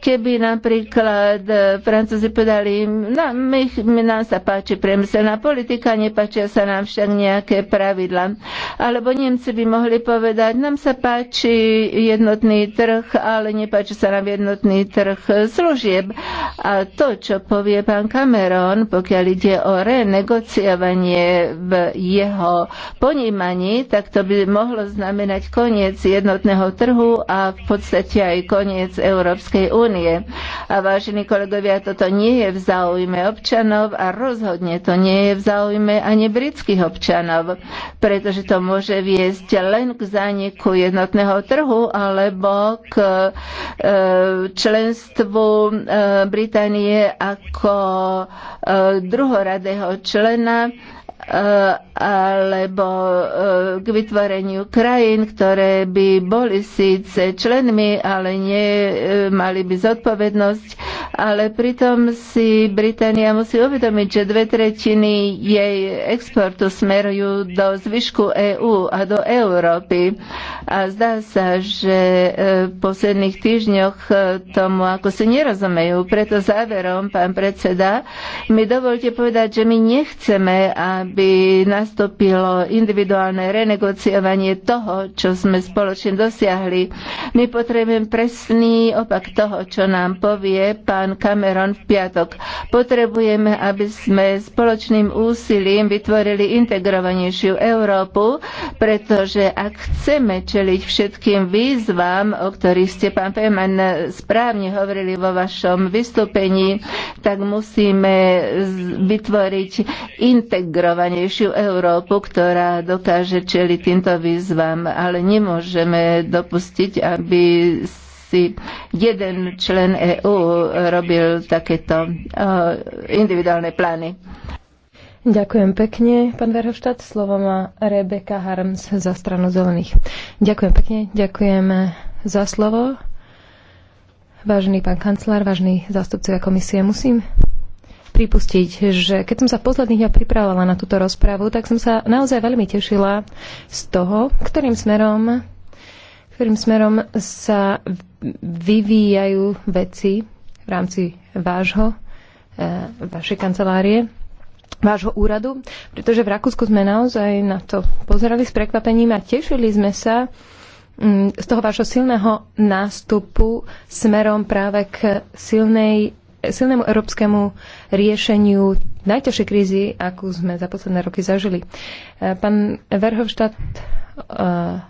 Keby napríklad e, Francúzi povedali, no, my, my, nám sa páči priemyselná politika, nepáčia sa nám však nejaké pravidla. Alebo Nemci by mohli povedať, nám sa páči jednotný trh, ale nepáči sa nám jednotný trh služieb. A to, čo povie pán Cameron, pokiaľ ide o renegociovanie v jeho ponímaní, tak to by mohlo znamenať koniec jednotného trhu a v podstate aj koniec Európskej únie únie. A vážení kolegovia, toto nie je v záujme občanov a rozhodne to nie je v záujme ani britských občanov, pretože to môže viesť len k zániku jednotného trhu alebo k e, členstvu e, Británie ako e, druhoradého člena Eh, alebo eh, k vytvoreniu krajín, ktoré by boli síce členmi, ale nemali eh, by zodpovednosť, ale pritom si Británia musí uvedomiť, že dve tretiny jej exportu smerujú do zvyšku EÚ a do Európy. A zdá sa, že v posledných týždňoch tomu ako si nerozumejú. Preto záverom, pán predseda, mi dovolte povedať, že my nechceme, aby aby nastúpilo individuálne renegociovanie toho, čo sme spoločne dosiahli. My potrebujeme presný opak toho, čo nám povie pán Cameron v piatok. Potrebujeme, aby sme spoločným úsilím vytvorili integrovanejšiu Európu, pretože ak chceme čeliť všetkým výzvam, o ktorých ste, pán Feman, správne hovorili vo vašom vystúpení, tak musíme vytvoriť integrovanejšiu integrovanejšiu Európu, ktorá dokáže čeliť týmto výzvam, ale nemôžeme dopustiť, aby si jeden člen EÚ robil takéto e, individuálne plány. Ďakujem pekne, pán Verhoštát. Slovo má Rebeka Harms za stranu zelených. Ďakujem pekne, ďakujem za slovo. Vážený pán kancelár, vážený zástupcovia komisie, musím pripustiť, že keď som sa v posledných dňoch pripravovala na túto rozprávu, tak som sa naozaj veľmi tešila z toho, ktorým smerom, ktorým smerom sa vyvíjajú veci v rámci vášho, e, vašej kancelárie, vášho úradu, pretože v Rakúsku sme naozaj na to pozerali s prekvapením a tešili sme sa mm, z toho vášho silného nástupu smerom práve k silnej silnému európskemu riešeniu najťažšej krízy, akú sme za posledné roky zažili. E, pán Verhofstadt uh,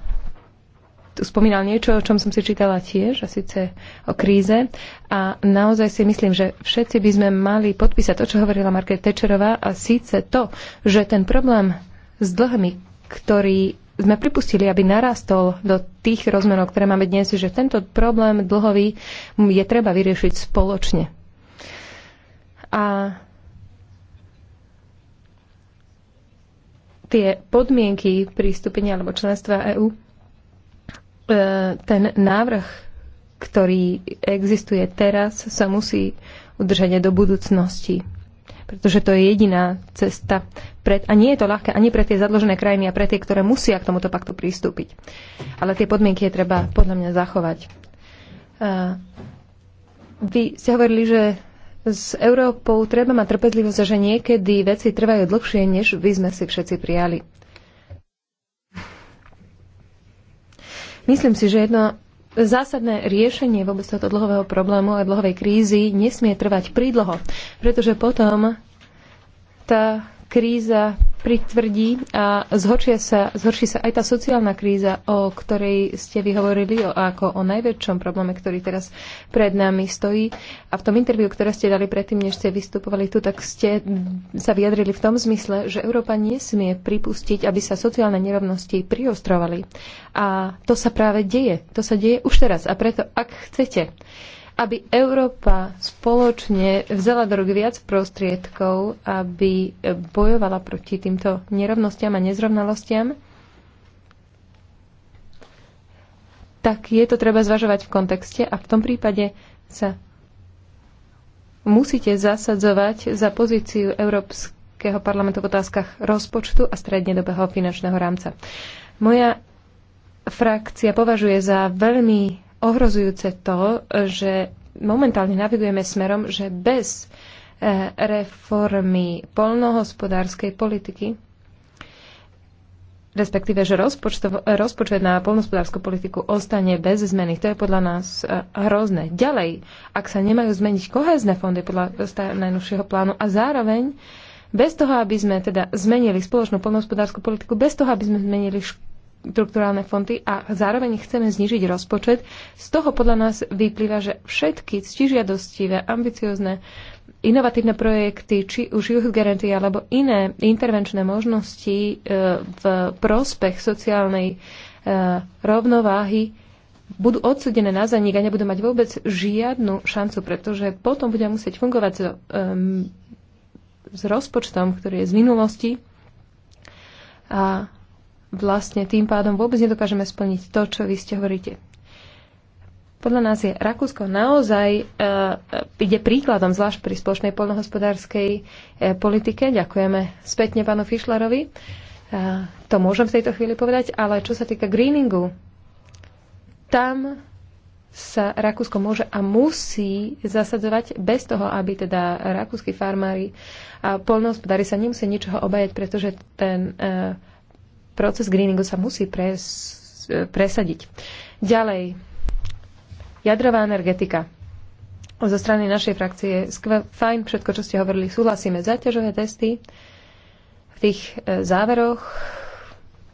spomínal niečo, o čom som si čítala tiež, a síce o kríze. A naozaj si myslím, že všetci by sme mali podpísať to, čo hovorila Marke Tečerová, a síce to, že ten problém s dlhmi, ktorý sme pripustili, aby narastol do tých rozmerov, ktoré máme dnes, že tento problém dlhový je treba vyriešiť spoločne. A tie podmienky prístupenia alebo členstva EÚ, e, ten návrh, ktorý existuje teraz, sa musí udržať aj do budúcnosti. Pretože to je jediná cesta. Pred, a nie je to ľahké ani pre tie zadložené krajiny a pre tie, ktoré musia k tomuto paktu pristúpiť. Ale tie podmienky je treba podľa mňa zachovať. E, vy ste hovorili, že s Európou treba mať trpezlivosť, že niekedy veci trvajú dlhšie, než by sme si všetci prijali. Myslím si, že jedno zásadné riešenie vôbec tohto dlhového problému a dlhovej krízy nesmie trvať prídloho, pretože potom tá kríza pritvrdí a zhoršia sa, zhorší sa aj tá sociálna kríza, o ktorej ste vyhovorili o, ako o najväčšom probléme, ktorý teraz pred nami stojí. A v tom interviu, ktoré ste dali predtým, než ste vystupovali tu, tak ste sa vyjadrili v tom zmysle, že Európa nesmie pripustiť, aby sa sociálne nerovnosti priostrovali. A to sa práve deje. To sa deje už teraz. A preto, ak chcete, uh, aby Európa spoločne vzala do ruky viac prostriedkov, aby bojovala proti týmto nerovnostiam a nezrovnalostiam, tak je to treba zvažovať v kontexte a v tom prípade sa musíte zasadzovať za pozíciu Európskeho parlamentu v otázkach rozpočtu a strednedobého finančného rámca. Moja frakcia považuje za veľmi ohrozujúce to, že momentálne navigujeme smerom, že bez eh, reformy polnohospodárskej politiky, respektíve, že rozpočet na polnohospodárskú politiku ostane bez zmeny. To je podľa nás eh, hrozné. Ďalej, ak sa nemajú zmeniť kohezné fondy podľa najnovšieho plánu a zároveň bez toho, aby sme teda zmenili spoločnú polnohospodárskú politiku, bez toho, aby sme zmenili štrukturálne fondy a zároveň chceme znižiť rozpočet. Z toho podľa nás vyplýva, že všetky ctižiadostivé, ambiciozne, inovatívne projekty, či už Youth Guarantee alebo iné intervenčné možnosti e, v prospech sociálnej e, rovnováhy budú odsudené na zanik a nebudú mať vôbec žiadnu šancu, pretože potom budeme musieť fungovať s, um, s rozpočtom, ktorý je z minulosti. A vlastne tým pádom vôbec nedokážeme splniť to, čo vy ste hovoríte. Podľa nás je Rakúsko naozaj uh, ide príkladom, zvlášť pri spoločnej poľnohospodárskej uh, politike. Ďakujeme spätne pánu Fischlerovi. Uh, to môžem v tejto chvíli povedať, ale čo sa týka greeningu, tam sa Rakúsko môže a musí zasadzovať bez toho, aby teda rakúsky farmári a polnohospodári sa nemusia ničoho obajať, pretože ten uh, proces greeningu sa musí pres, presadiť. Ďalej, jadrová energetika. Zo strany našej frakcie je fajn všetko, čo ste hovorili. Súhlasíme. Záťažové testy v tých e, záveroch,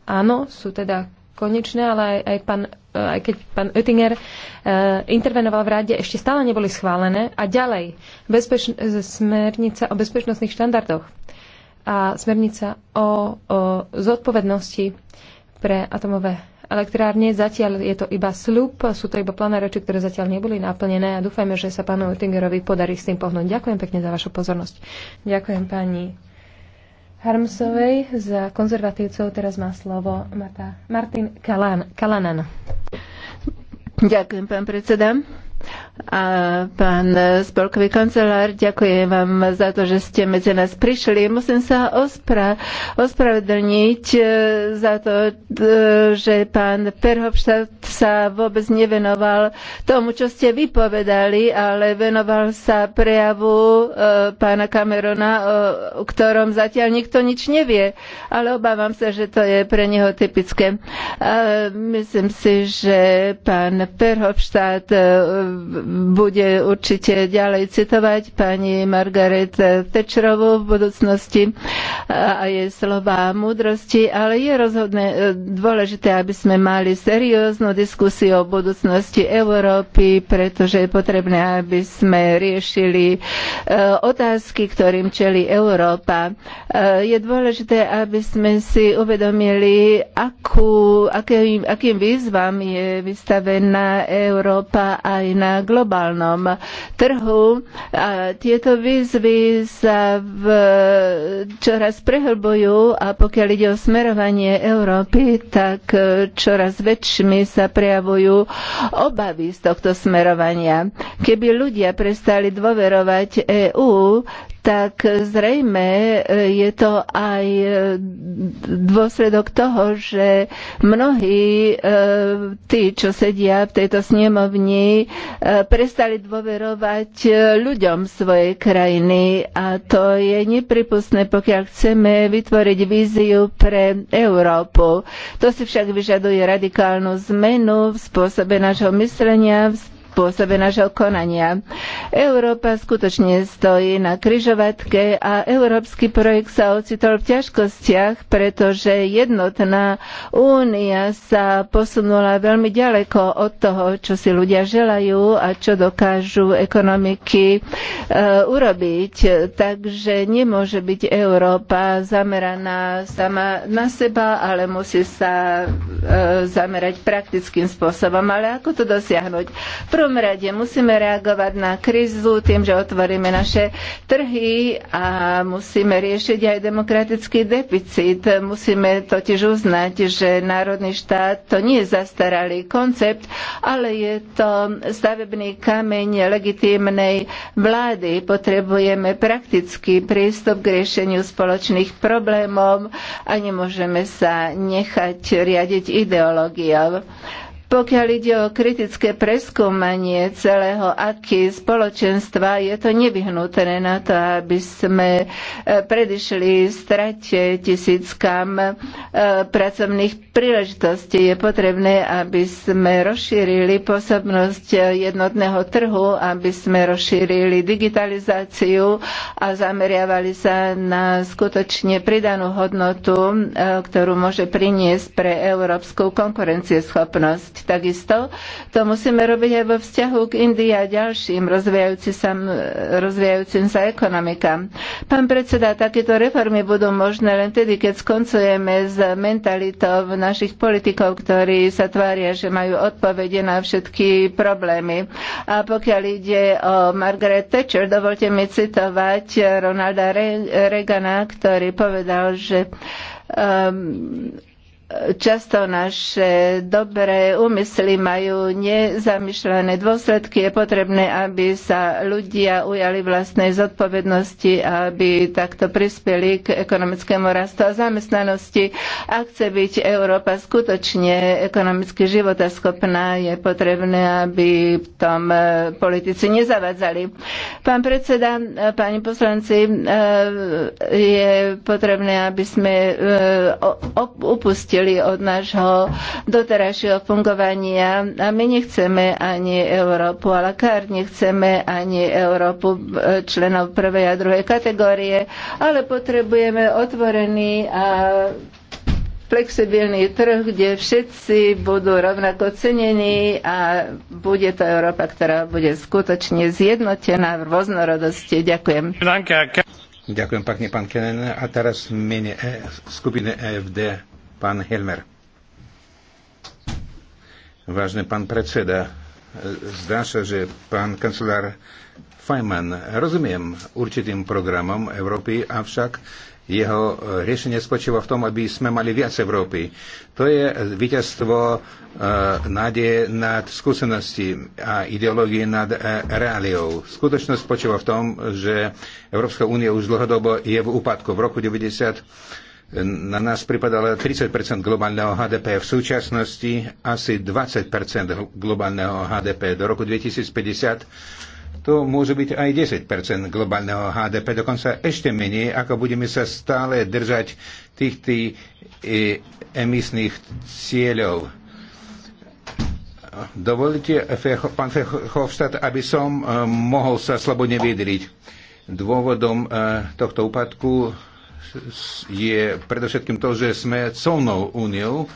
áno, sú teda konečné, ale aj, aj, pán, e, aj keď pán Oettinger uh, intervenoval v rade, ešte stále neboli schválené. A ďalej, smernica o bezpečnostných štandardoch a smernica o, o zodpovednosti pre atomové elektrárne. Zatiaľ je to iba slub, sú to iba plné reči, ktoré zatiaľ neboli naplnené a dúfajme, že sa pánu Oettingerovi podarí s tým pohnúť. Ďakujem pekne za vašu pozornosť. Ďakujem pani Harmsovej za konzervatívcov. Teraz má slovo Marta, Martin Kalan, Kalanan. Ďakujem, pán predseda. A pán spolkový kancelár, ďakujem vám za to, že ste medzi nás prišli. Musím sa ospra- ospravedlniť e, za to, e, že pán Perhofštát sa vôbec nevenoval tomu, čo ste vypovedali, ale venoval sa prejavu e, pána Camerona, o ktorom zatiaľ nikto nič nevie. Ale obávam sa, že to je pre neho typické. A myslím si, že pán Perhofštát bude určite ďalej citovať pani Margaret Thatcherovú v budúcnosti a jej slova múdrosti, ale je rozhodne e, dôležité, aby sme mali serióznu diskusiu o budúcnosti Európy, pretože je potrebné, aby sme riešili e, otázky, ktorým čeli Európa. E, je dôležité, aby sme si uvedomili, akú, akým, akým výzvam je vystavená Európa aj na globálne globálnom trhu. A tieto výzvy sa v, čoraz prehlbujú a pokiaľ ide o smerovanie Európy, tak e, čoraz väčšmi sa prejavujú obavy z tohto smerovania. Keby ľudia prestali dôverovať EÚ, tak zrejme e, je to aj e, dôsledok toho, že mnohí e, tí, čo sedia v tejto snemovni, prestali dôverovať ľuďom svojej krajiny a to je nepripustné, pokiaľ chceme vytvoriť víziu pre Európu. To si však vyžaduje radikálnu zmenu v spôsobe nášho myslenia, v spôsobená nášho konania. Európa skutočne stojí na kryžovatke a európsky projekt sa ocitol v ťažkostiach, pretože jednotná únia sa posunula veľmi ďaleko od toho, čo si ľudia želajú a čo dokážu ekonomiky e, urobiť. Takže nemôže byť Európa zameraná sama na seba, ale musí sa e, zamerať praktickým spôsobom. Ale ako to dosiahnuť? Prv prvom rade musíme reagovať na krizu tým, že otvoríme naše trhy a musíme riešiť aj demokratický deficit. Musíme totiž uznať, že národný štát to nie je zastaralý koncept, ale je to stavebný kameň legitímnej vlády. Potrebujeme praktický prístup k riešeniu spoločných problémov a nemôžeme sa nechať riadiť ideológiou. Pokiaľ ide o kritické preskúmanie celého aký spoločenstva, je to nevyhnutné na to, aby sme e, predišli strate tisíckam e, pracovných príležitostí. Je potrebné, aby sme rozšírili pôsobnosť jednotného trhu, aby sme rozšírili digitalizáciu a zameriavali sa na skutočne pridanú hodnotu, e, ktorú môže priniesť pre európsku konkurencieschopnosť oblasť takisto. To musíme robiť aj vo vzťahu k Indii a ďalším rozvíjajúci sa, rozvíjajúcim sa ekonomikám. Pán predseda, takéto reformy budú možné len tedy, keď skoncujeme s mentalitou našich politikov, ktorí sa tvária, že majú odpovede na všetky problémy. A pokiaľ ide o Margaret Thatcher, dovolte mi citovať Ronalda Reagana, ktorý povedal, že um, často naše dobré úmysly majú nezamýšľané dôsledky. Je potrebné, aby sa ľudia ujali vlastnej zodpovednosti, aby takto prispeli k ekonomickému rastu a zamestnanosti. Ak chce byť Európa skutočne ekonomicky životaschopná, je potrebné, aby v tom e, politici nezavadzali. Pán predseda, e, páni poslanci, e, je potrebné, aby sme upustili odlúčili od nášho doterajšieho fungovania. A my nechceme ani Európu a la nechceme ani Európu e, členov prvej a druhej kategórie, ale potrebujeme otvorený a flexibilný trh, kde všetci budú rovnako cenení a bude to Európa, ktorá bude skutočne zjednotená v rôznorodosti. Ďakujem. Ďakujem pekne, pán Kenen. A teraz mene e, skupiny EFD Pán Helmer. Vážne pán predseda, zdá sa, že pán kancelár Feynman rozumiem určitým programom Európy, avšak jeho riešenie spočíva v tom, aby sme mali viac Európy. To je víťazstvo e, nádeje nad skúsenosti a ideológie nad e, reáliou. Skutočnosť spočíva v tom, že Európska únia už dlhodobo je v úpadku. V roku 90 na nás pripadalo 30 globálneho HDP, v súčasnosti asi 20 globálneho HDP. Do roku 2050 to môže byť aj 10 globálneho HDP, dokonca ešte menej, ako budeme sa stále držať tých, tých e, emisných cieľov. Dovolite, pán Fechovstad, aby som e, mohol sa slobodne vydriť. Dôvodom e, tohto úpadku je predovšetkým to, že sme colnou úniou,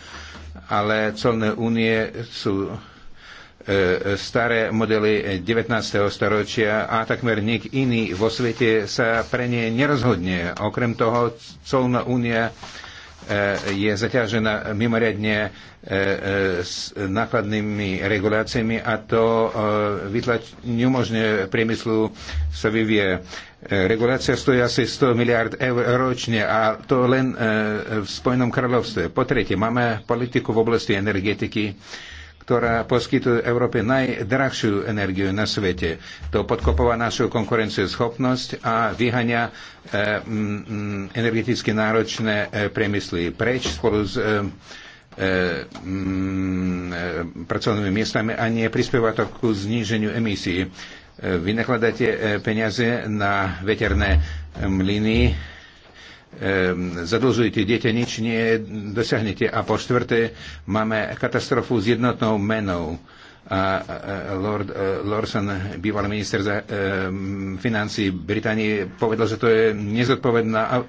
ale colné únie sú e, staré modely 19. storočia a takmer nik iný vo svete sa pre ne nerozhodne. Okrem toho, colná únia E, je zaťažená mimoriadne e, e, s nákladnými reguláciami a to vytlač neumožňuje priemyslu sa vyvie. Regulácia stojí asi 100 miliard eur ročne a to len v Spojenom kráľovstve. Po tretie, máme politiku v oblasti energetiky, ktorá poskytuje Európe najdrahšiu energiu na svete. To podkopova našu konkurencieschopnosť a vyhania e, mm, energeticky náročné e, priemysly preč spolu s e, mm, pracovnými miestami a neprispieva to ku zníženiu emisí. Vy e, peniaze na veterné mlyny, Ehm, zadlžujete dieťa, nič nedosiahnete. A po štvrté, máme katastrofu s jednotnou menou. A Lord e, Lorson, bývalý minister za ehm, financí Británie, povedal, že to je nezodpovedná e,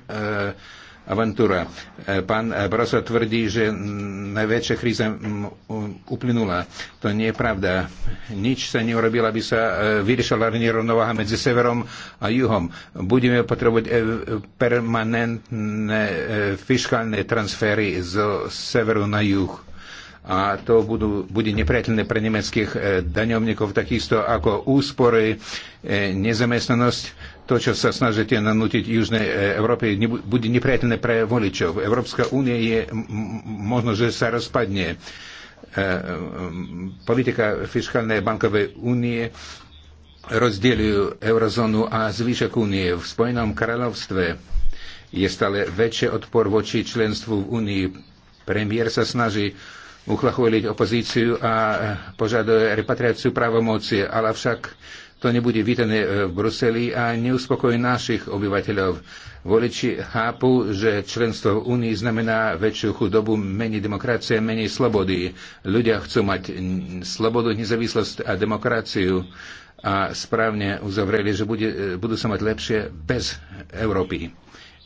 avantúra. E, pán Barroso tvrdí, že najväčšia kríza uplynula. To nie je pravda. Nič sa neurobilo, aby sa e, vyriešila nerovnováha medzi severom a juhom. Budeme potrebovať e, permanentné fiskálne transfery z severu na juh a to budú, bude nepriateľné pre nemeckých daňovníkov, takisto ako úspory, nezamestnanosť to, čo sa snažíte nanútiť Južnej e, Európe, bude nepriateľné pre voličov. Európska únia je možno, že sa rozpadne. E, politika fiskálnej bankovej únie rozdeľujú eurozónu a zvyšok únie. V Spojenom kráľovstve je stále väčší odpor voči členstvu v únii. Premiér sa snaží uchlacholiť opozíciu a e, požaduje repatriáciu právomoci, ale však to nebude vítané e, v Bruseli a neuspokojí našich obyvateľov. Voliči chápu, že členstvo v Únii znamená väčšiu chudobu, menej demokracie, menej slobody. Ľudia chcú mať slobodu, nezávislosť a demokraciu a správne uzavreli, že bude, e, budú sa mať lepšie bez Európy.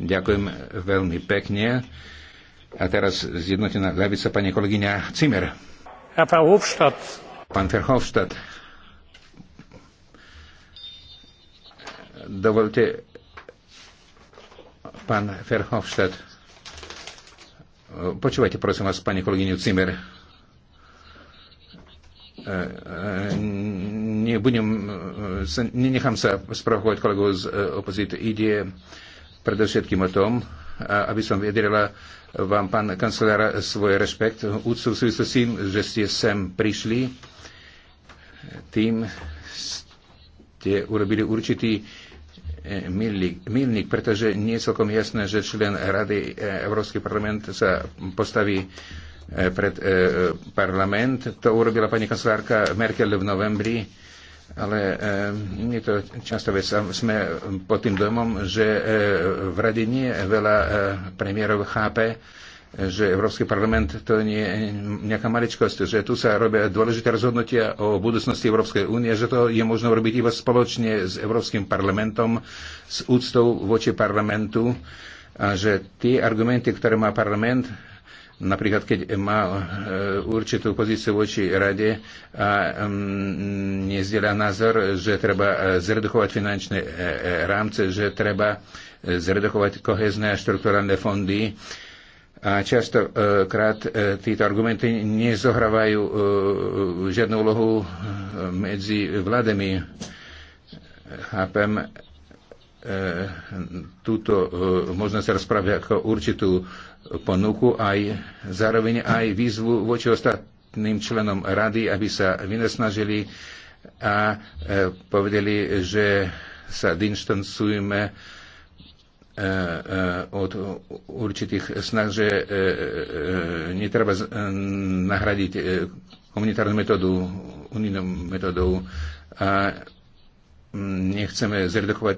Ďakujem veľmi pekne. A teraz zjednotená hľavica, pani kolegyňa Cimer. Pán Verhofstadt. Dovolte, pán Verhofstadt, počúvajte prosím vás, pani kolegyňu Cimer. Nebudem, nenechám sa sprovokovať kolegov z opozície. Ide predovšetkým o tom, aby som vyjadrila vám, pán kancelár, svoj rešpekt, úctu v súvislosti s tým, že ste sem prišli. Tým ste urobili určitý milník, pretože nie je celkom jasné, že člen Rady e, Európsky parlament sa postaví e, pred e, parlament. To urobila pani kancelárka Merkel v novembri, ale je to často vec. Sme pod tým domom, že v Rade nie veľa premiérov chápe, že Európsky parlament to nie je nejaká maličkosť, že tu sa robia dôležité rozhodnutia o budúcnosti Európskej únie, že to je možno robiť iba spoločne s Európskym parlamentom, s úctou voči parlamentu a že tie argumenty, ktoré má parlament, napríklad keď má e, určitú pozíciu voči rade a mm, nezdieľa názor, že treba e, zredukovať finančné e, rámce, že treba zredukovať kohezné a štrukturálne fondy, a častokrát e, títo argumenty nezohrávajú e, žiadnu úlohu e, medzi vládami. Chápem túto možnosť rozprávy ako určitú ponuku aj zároveň aj výzvu voči ostatným členom rady, aby sa vynesnažili, a povedali, že sa dinštancujeme od určitých snah, že e, e, e, netreba nahradiť komunitárnu metódu unijnou metódou a mm, nechceme zredukovať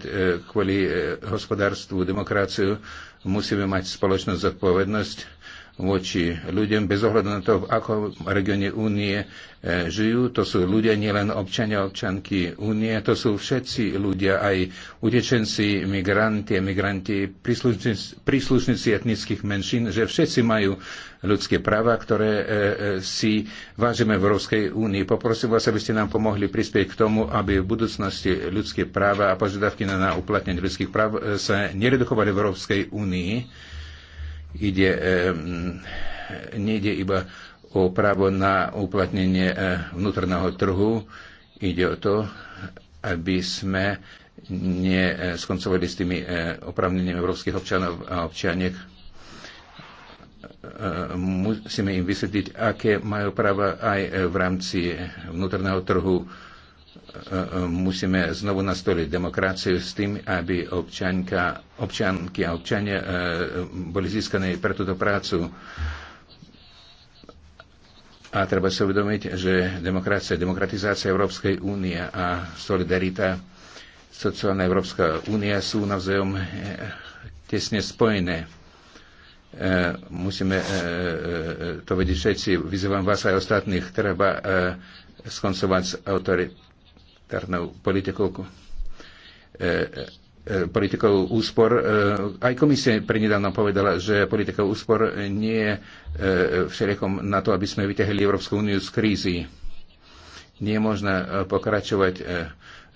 kvôli hospodárstvu, demokraciu, musíme mať spoločnú zodpovednosť voči ľuďom bez ohľadu na to, v akom regióne únie e, žijú. To sú ľudia, nielen občania, občanky únie, to sú všetci ľudia, aj utečenci, migranti, emigranti, príslušníci, príslušníci etnických menšín, že všetci majú ľudské práva, ktoré e, e, si vážime v Európskej únii. Poprosím vás, aby ste nám pomohli prispieť k tomu, aby v budúcnosti ľudské práva a požiadavky na uplatnenie ľudských práv sa neredukovali v Európskej únii Ide, nejde iba o právo na uplatnenie eh, vnútorného trhu, ide o to, aby sme neskoncovali eh, s tými eh, opravneniami európskych občanov a občianiek. Musíme im vysvetliť, aké majú práva aj v rámci vnútorného trhu musíme znovu nastoliť demokraciu s tým, aby občanka, občanky a občania e, boli získané pre túto prácu. A treba si uvedomiť, že demokracia, demokratizácia Európskej únie a solidarita, sociálna Európska únia sú navzájom e, tesne spojené e, musíme to vedieť všetci. Vyzývam vás aj ostatných, treba skoncovať s autorit monetárnou politikou e, e, e, politikou úspor. Aj komisia prednedávno povedala, že politika úspor nie je všelijakom na to, aby sme vyťahli Európsku úniu z krízy. Nie je možné pokračovať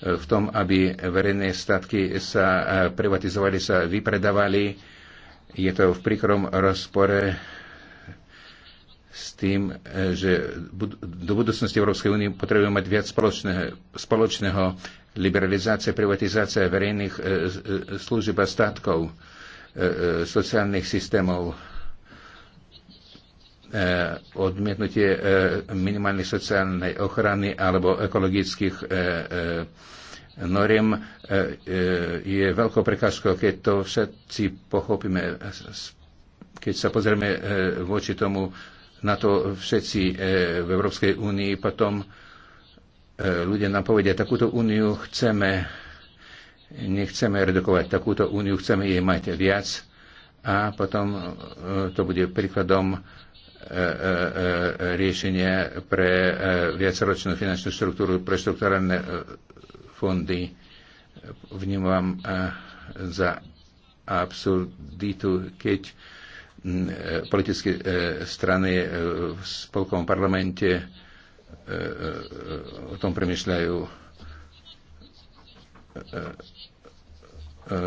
v tom, aby verejné statky sa privatizovali, sa vypredávali. Je to v príkrom rozpore s tým, e, že do budúcnosti Európskej únie potrebujeme mať viac spoločného, spoločného liberalizácia, privatizácia verejných e, e, služieb a statkov, sociálnych systémov, odmietnutie minimálnej sociálnej ochrany alebo ekologických noriem je veľkou prekážkou, keď to všetci pochopíme, keď sa pozrieme voči tomu na to všetci e, v Európskej únii potom e, ľudia nám povedia, takúto úniu chceme, nechceme redukovať, takúto úniu chceme jej mať viac a potom e, to bude príkladom riešenia pre viacročnú finančnú štruktúru, pre štruktúrne fondy. Vnímam za absurditu, keď E, politické e, strany e, v spolkovom parlamente o tom premyšľajú.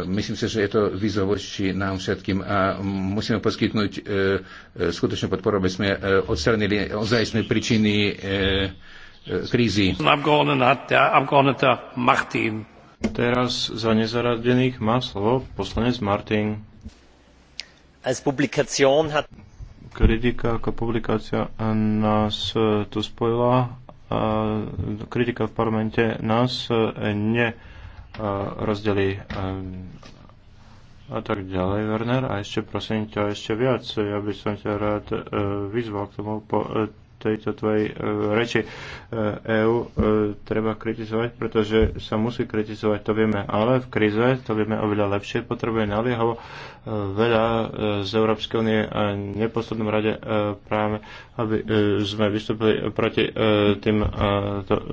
Myslím si, že je to výzovočí nám všetkým a musíme poskytnúť skutočnú podporu, aby sme odstranili ozajstné príčiny krízy. Teraz za nezaradených má slovo poslanec Martin als Publikation hat kritika ako publikácia nás e, tu spojila a kritika v parlamente nás e, ne e, rozdelí a tak ďalej, Werner. A ešte prosím ťa ešte viac. Ja by som ťa rád vyzval k tomu po tejto tvojej reči EU treba kritizovať, pretože sa musí kritizovať, to vieme, ale v krize to vieme oveľa lepšie, potrebuje naliehavo veľa eh, z Európskej únie a neposlednom rade eh, práve, aby eh, sme vystúpili proti tým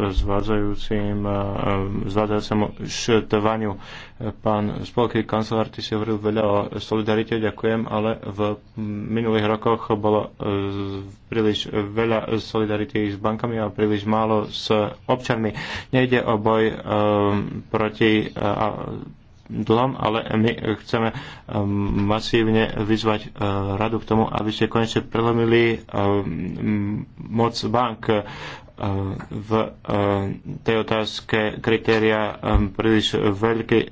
zvádzajúcim zvádzajúcemu štvaniu. Pán spolkový kancelár, ty si hovoril veľa o solidarite, ďakujem, ale v minulých rokoch bolo príliš veľa solidarity s bankami a príliš málo s občanmi. Nejde o boj proti Dunom, ale my chceme um, masívne vyzvať uh, radu k tomu, aby ste konečne prelomili um, moc bank uh, v uh, tej otázke kritéria um, príliš, veľký,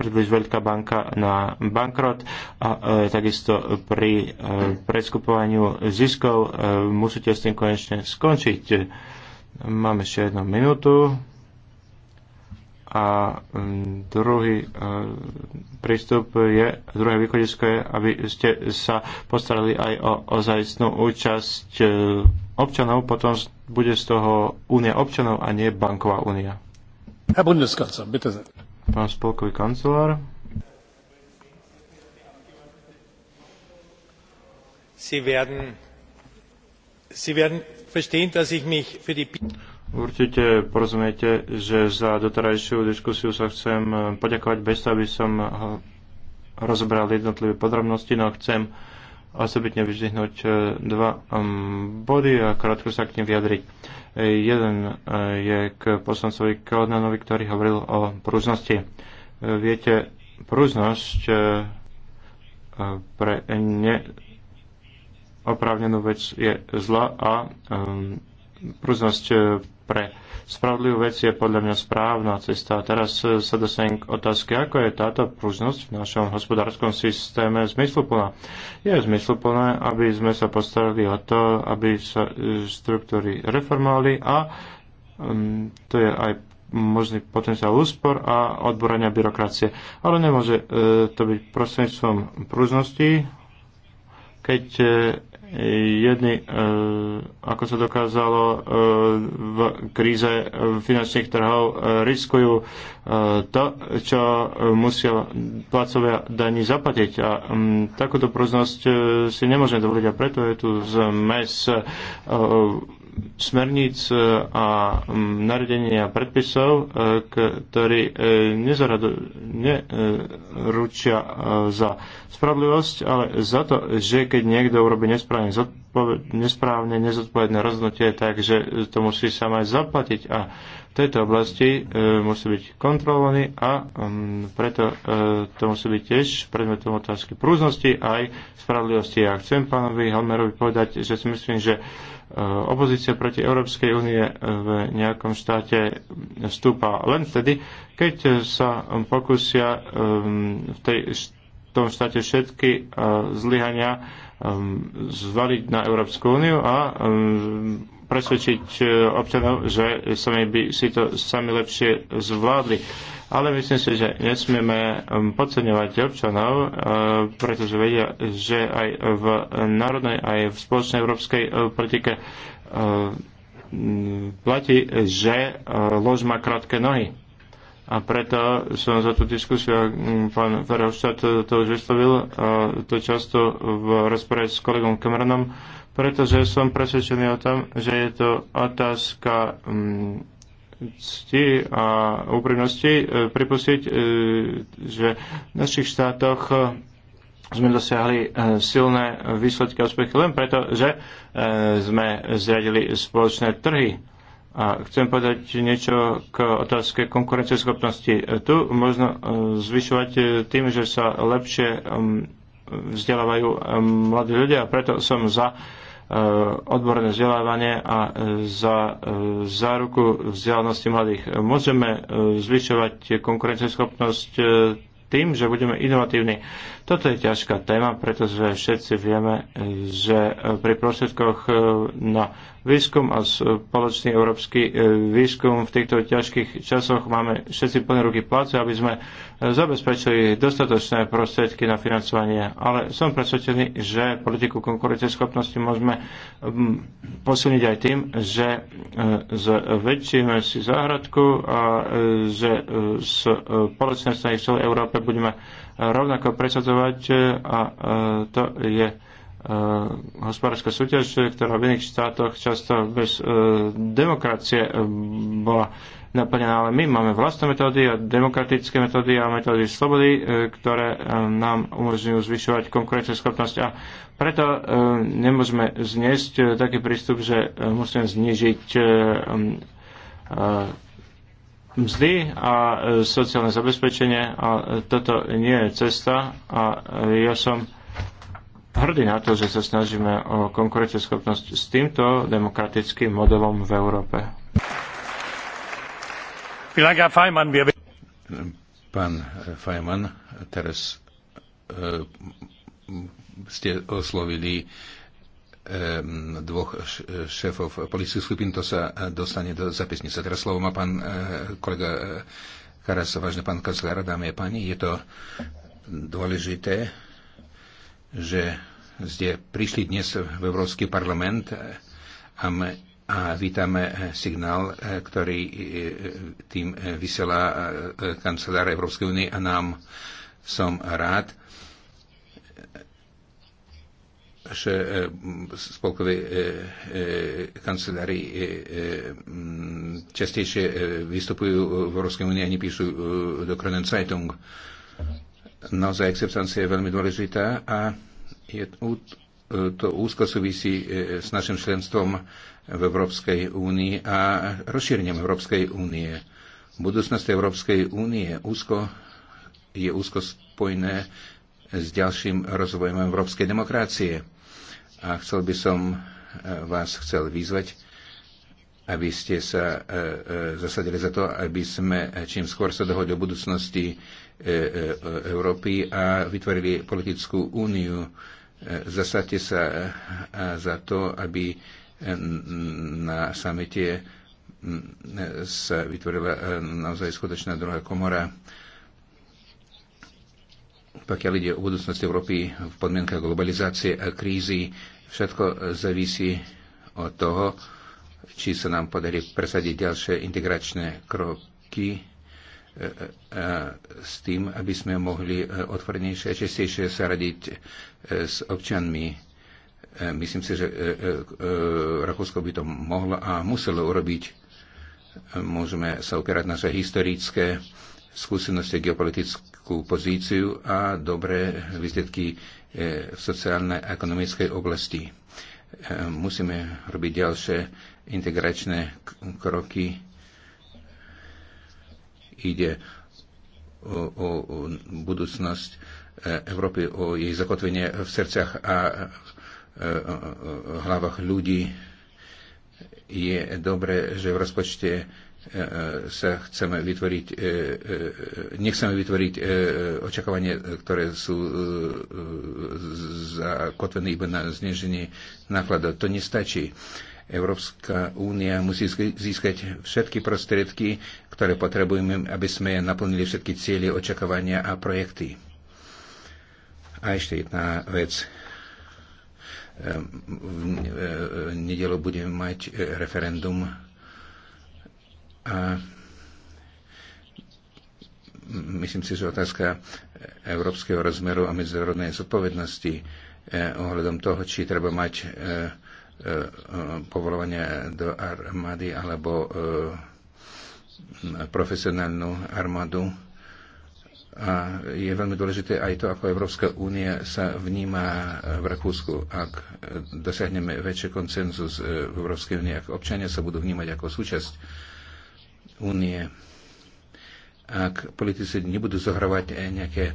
príliš veľká banka na bankrot a takisto pri preskupovaniu ziskov musíte s tým konečne skončiť. Máme ešte jednu minútu. A mm, druhý e, prístup je, druhé východisko je, aby ste sa postarali aj o ozajstnú účasť e, občanov, potom bude z toho únia občanov a nie banková únia. Herr Bundeskanzler, bitte sehr. Pán spolkový kancelár. Sie werden, Sie werden verstehen, dass ich mich für die Určite porozumiete, že za doterajšiu diskusiu sa chcem eh, poďakovať bez toho, aby som eh, rozobral jednotlivé podrobnosti, no chcem osobitne vyzdvihnúť eh, dva mm, body a krátko sa k nim vyjadriť. Jeden je k poslancovi Kodnanovi, ktorý hovoril o prúznosti. Viete, prúznosť pre neoprávnenú vec je zla a prúznosť pre spravodlivú vec je podľa mňa správna cesta. A teraz e, sa dostanem k otázke, ako je táto prúžnosť v našom hospodárskom systéme zmysluplná. Je zmysluplné, aby sme sa postarali o to, aby sa e, štruktúry reformovali a um, to je aj možný potenciál úspor a odborania byrokracie. Ale nemôže e, to byť prostredníctvom prúžnosti, keď e, jedni, e, ako sa dokázalo e, v kríze finančných trhov, e, riskujú to, čo musia placovia daní zaplatiť. A takúto prúznosť si nemôžeme dovoliť a preto je tu zmes smerníc e, a nariadenia predpisov, e, ktorí e, neručia za spravodlivosť, ale za to, že keď niekto urobí nesprávne, nesprávne nezodpovedné rozhodnutie, takže to musí sa aj zaplatiť a v tejto oblasti musí byť kontrolovaný a preto to musí byť tiež predmetom otázky prúznosti aj spravodlivosti. Ja chcem pánovi Helmerovi povedať, že si myslím, že Eh, opozícia proti Európskej únie eh, v nejakom štáte stúpa len vtedy, keď sa pokúsia ehm, v, tej, v tom štáte všetky eh, zlyhania ehm, zvaliť na Európsku úniu a ehm, presvedčiť občanov, že sami by si to sami lepšie zvládli ale myslím si, že nesmieme um, podceňovať občanov, uh, pretože vedia, že aj v národnej, aj v spoločnej európskej uh, politike uh, platí, že lož má krátke nohy. A preto som za tú diskusiu, um, pán Verhofstadt to už vyslovil, to často v rozpore s kolegom Cameronom, pretože som presvedčený o tom, že je to otázka um, cti a úprimnosti e, pripustiť, e, že v našich štátoch e, sme dosiahli silné výsledky a úspechy len preto, že sme zriadili spoločné trhy. A chcem povedať niečo k otázke konkurencieschopnosti. Tu možno zvyšovať tým, že sa lepšie vzdelávajú mladí ľudia a preto som za uh, Eh, odborné vzdelávanie a eh, za eh, záruku vzdelanosti mladých. Môžeme zvyšovať konkurenceschopnosť tým, že budeme inovatívni toto je ťažká téma, pretože všetci vieme, že pri prostriedkoch eh, na výskum a spoločný európsky eh, výskum v týchto ťažkých časoch máme všetci plné ruky pláce, aby sme eh, zabezpečili dostatočné prostriedky na financovanie. Ale som presvedčený, že politiku konkurenceschopnosti môžeme hm, posilniť aj tým, že zväčšíme si záhradku a že spoločné strany v celej Európe budeme rovnako presadzovať e, a e, to je e, hospodárska súťaž, ktorá v iných štátoch často bez demokracie bola naplnená, ale my máme vlastné metódy a demokratické metódy a metódy slobody, ktoré nám umožňujú zvyšovať konkurenceschopnosť a preto nemôžeme zniesť taký prístup, že musíme znižiť mzdy a e, sociálne zabezpečenie a e, toto nie je cesta a e, ja som hrdý na to, že sa snažíme o konkurenceschopnosť s týmto demokratickým modelom v Európe. Pán Fajman, teraz e, ste oslovili dvoch šéfov politických skupín, to sa dostane do zapisnice. Teraz slovo má pán eh, kolega eh, Karas, vážne pán kancelár, dámy a páni, je to dôležité, že ste prišli dnes v Európsky parlament eh, a, my, a vítame signál, ktorý tým vysiela kancelár Európskej únie a nám som rád, že e, spolkové e, e, kancelárii častejšie vystupujú v Európskej únii a nepíšu do Kronen Zeitung. Naozaj akceptancia je veľmi dôležitá a je to úzko súvisí s našim členstvom v Európskej únii a rozšírením Európskej únie. Budúcnosť Európskej únie úzko, je úzko spojené s ďalším rozvojom európskej demokracie a chcel by som e, vás chcel vyzvať, aby ste sa e, e, zasadili za to, aby sme čím skôr sa dohodli o budúcnosti Európy a vytvorili politickú úniu. Zasadte sa za to, aby na samite sa vytvorila naozaj skutočná druhá komora pokiaľ ide o budúcnosť Európy v podmienkach globalizácie a krízy, Všetko závisí od toho, či sa nám podarí presadiť ďalšie integračné kroky e, e, e, s tým, aby sme mohli otvorenejšie a častejšie sa radiť s občanmi. Myslím si, že Rakúsko by to mohlo a muselo urobiť. Môžeme sa opierať naše historické skúsenosti, geopolitickú pozíciu a dobré výsledky E, v sociálnej a ekonomickej oblasti. E, musíme robiť ďalšie integračné kroky. Ide o, o, o budúcnosť e, Európy, o jej zakotvenie v srdciach a v hlavách ľudí. Je dobré, že v rozpočte sa chceme vytvoriť, nechceme vytvoriť očakávanie, ktoré sú zakotvené iba na znižení nákladov. To nestačí. Európska únia musí získať všetky prostriedky, ktoré potrebujeme, aby sme naplnili všetky cieľe, očakávania a projekty. A ešte jedna vec. V nedelu budeme mať referendum a myslím si, že otázka európskeho rozmeru a medzinárodnej zodpovednosti eh, ohľadom toho, či treba mať eh, eh, povolovanie do armády alebo profesionálnu armádu. A je veľmi dôležité aj to, ako Európska únia sa vníma v Rakúsku. Ak dosiahneme väčší koncenzus v Európskej únie, ak občania sa budú vnímať ako súčasť únie. Ak politici nebudú zohrávať eh, nejaké eh,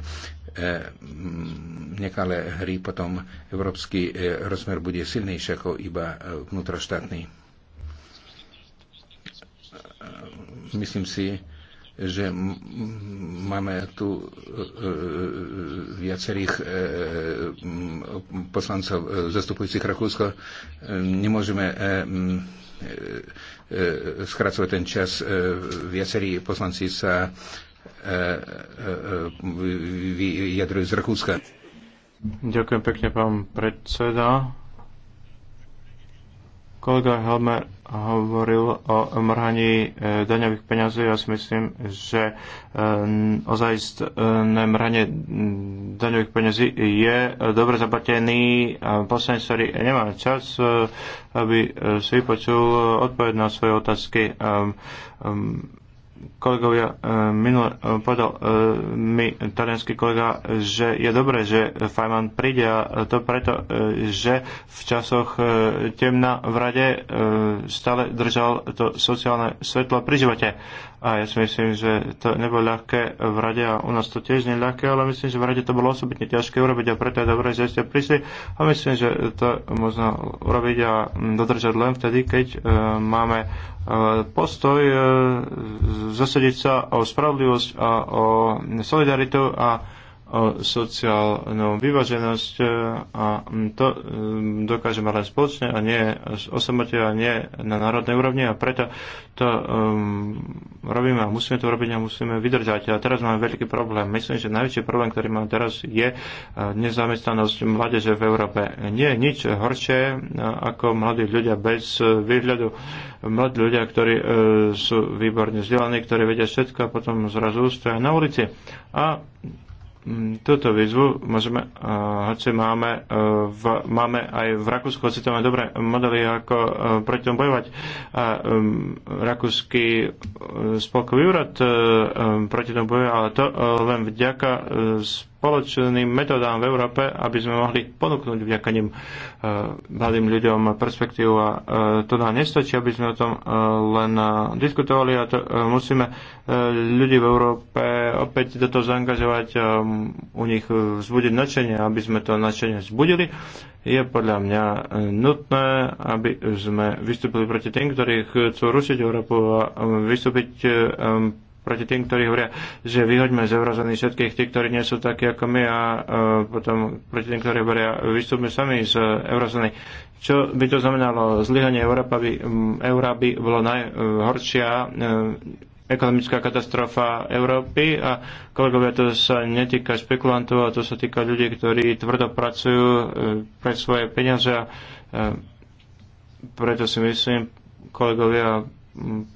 nekalé hry, potom európsky eh, rozmer bude silnejší ako iba vnútroštátny. Myslím si, že máme tu viacerých poslancov zastupujúcich Rakúsko. Nemôžeme skracovať e, ten čas. E, viacerí poslanci sa e, vyjadrujú z Rakúska. Ďakujem pekne, pán predseda. Kolega Helmer hovoril o mrhaní e, daňových peňazí. Ja si myslím, že e, ozajstné mrhanie daňových peňazí je dobre zaplatený poslanec, ktorý nemá čas, e, aby si vypočul odpoveď na svoje otázky kolegovia, e, minule e, povedal e, mi talianský kolega, že je dobré, že Fajman príde a to preto, že v časoch temna v rade stále držal to sociálne svetlo pri živote. A ja si myslím, že to nebolo ľahké v rade a u nás to tiež nie ľahké, ale myslím, že v rade to bolo osobitne ťažké urobiť a preto je dobré, že ste prišli a myslím, že to možno urobiť a dodržať len vtedy, keď e, máme e, postoj e, zasadiť sa o spravodlivosť a o solidaritu a o sociálnu vyváženosť e, a to e, dokážeme len spoločne a nie osamote a nie na národnej úrovni a preto to um, robíme a musíme to robiť a musíme vydržať. A teraz máme veľký problém. Myslím, že najväčší problém, ktorý máme teraz je nezamestnanosť mládeže v Európe. Nie je nič horšie ako mladí ľudia bez výhľadu. Mladí ľudia, ktorí e, sú výborne vzdelaní, ktorí vedia všetko a potom zrazu stoja na ulici. A Mm, Toto výzvu môžeme, eh, hoci máme, eh, v, máme aj v Rakúsku, hoci to máme dobré modely, ako eh, proti tomu bojovať. Uh, um, Rakúsky spolkový úrad um, proti tomu bojuje, ale to len vďaka uh, spoločným metodám v Európe, aby sme mohli ponúknuť vďaka uh, mladým ľuďom perspektívu a e, to nám nestačí, aby sme o tom e, len diskutovali a to musíme ľudí v Európe opäť do toho zaangažovať, u nich vzbudiť nadšenie, aby sme to nadšenie vzbudili je podľa mňa nutné, aby sme vystúpili proti tým, ktorí chcú rušiť Európu a vystúpiť proti tým, ktorí hovoria, že vyhoďme z eurozóny všetkých tých, ktorí nie sú takí ako my a uh, potom proti tým, ktorí hovoria, vystúpme sami z eurozóny. Čo by to znamenalo? Zlyhanie Európa by, eura by bolo najhoršia uh, ekonomická katastrofa Európy a kolegovia, to sa netýka špekulantov, a to sa týka ľudí, ktorí tvrdo pracujú e, pre svoje peniaze a preto si myslím, kolegovia,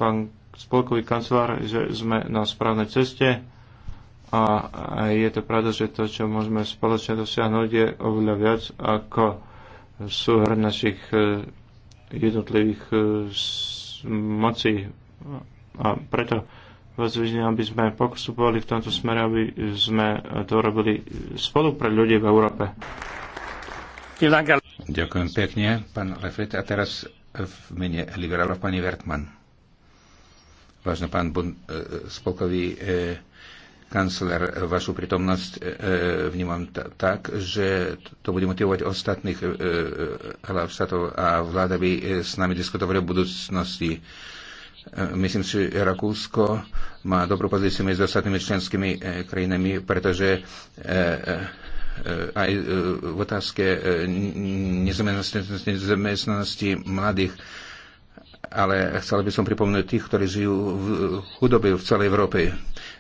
pán spolkový kancelár, že sme na správnej ceste a je to pravda, že to, čo môžeme spoločne dosiahnuť, je oveľa viac ako súhr našich e, jednotlivých e, mocí. A preto vás vyzývam, aby sme postupovali v tomto smere, aby sme to robili spolu pre ľudí v Európe. Ďakujem pekne, pán Lefrit. A teraz v mene liberálov pani Vertman. Vážne pán Bund, e, e, spolkový e, kancler, vašu prítomnosť vnímam tak, že to bude motivovať ostatných hlav štátov a vláda by s nami diskutovali o budúcnosti. E, Myslím si, že Rakúsko má dobrú pozíciu medzi ostatnými členskými e, krajinami, pretože e, e, aj v otázke nezamestnanosti mladých ale chcel by som pripomenúť tých, ktorí žijú v chudobe v celej Európe.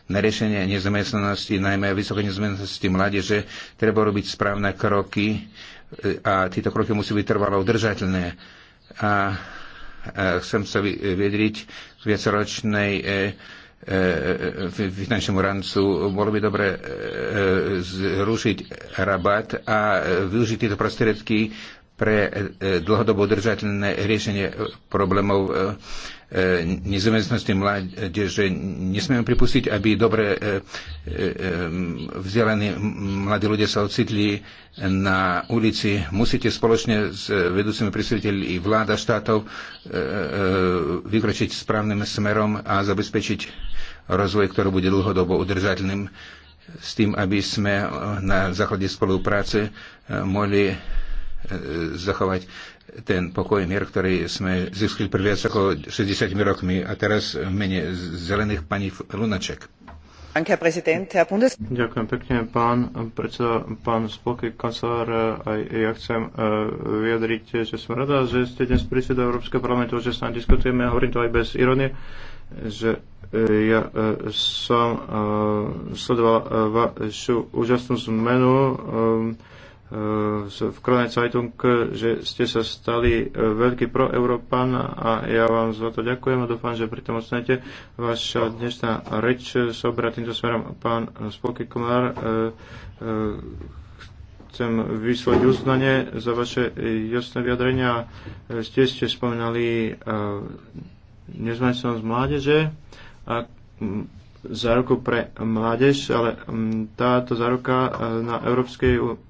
Na riešenie nezamestnanosti, najmä vysokej nezamestnanosti mládeže, treba robiť správne kroky e, a tieto kroky musí byť trvalo udržateľné. A e, chcem sa vyjadriť z viacročnej e, finančnému rancu. Bolo by dobre zrušiť rabat a využiť tieto prostriedky pre e, e, dlhodobo udržateľné riešenie e, problémov nezamestnosti mládeže. Nesmieme pripustiť, aby dobre vzdelaní mladí ľudia sa ocitli na ulici. Musíte spoločne s vedúcimi predstaviteľmi vláda štátov vykročiť správnym smerom a zabezpečiť rozvoj, ktorý bude dlhodobo udržateľným s tým, aby sme na základe spolupráce mohli E, zachovať ten pokoj mier, ktorý sme získali pred viac ako 60 rokmi a teraz v mene zelených pani Lunaček. Ďakujem pekne, pán predseda, pán spolky kancelár. Aj ja chcem e, vyjadriť, že som rada, že ste dnes do Európskeho parlamentu, že sa diskutujeme ja hovorím to aj bez ironie, že e, ja som sledoval vašu úžasnú zmenu E, v Krone Zeitung, že ste sa stali e, veľký proeurópan a ja vám za to ďakujem a dúfam, že pri tom ostanete. Vaša dnešná reč sobra týmto smerom pán Spoky Komár. E, chcem vysloviť uznanie za vaše jasné vyjadrenia. Ste ste spomínali nezmančnosť mládeže a záruku pre mládež, ale táto záruka na európskej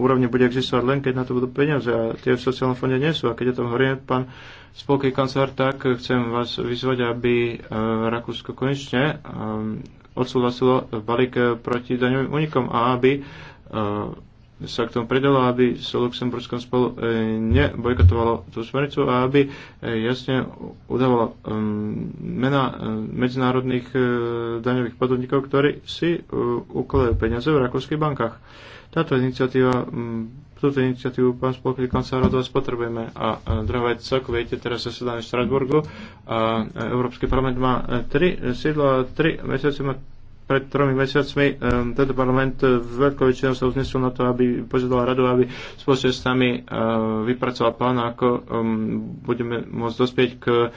úrovni bude existovať len, keď na to budú peniaze a tie v sociálnom fonde nie sú. A keď o tom hovoríme, pán spolký kancelár, tak chcem vás vyzvať, aby e, Rakúsko konečne e, odsúhlasilo balík proti daňovým únikom a aby e, sa k tomu predalo, aby sa Luxemburskom spolu nebojkotovalo tú smernicu a aby jasne udávalo mena medzinárodných daňových podvodníkov, ktorí si ukladajú peniaze v rakúskych bankách. Táto iniciatíva, mm, túto iniciatívu, pán spolkový kancelár, od vás potrebujeme. A drahovať vec, ako viete, teraz sedáme v Strasburgu a Európsky parlament má e, tri e, sídla, tri mesiace má pred tromi mesiacmi um, tento parlament eh, veľkou väčšinou sa uznesol na to, aby požiadala radu, aby spoločne s nami uh, eh, vypracoval plán, ako um, budeme môcť dospieť k uh,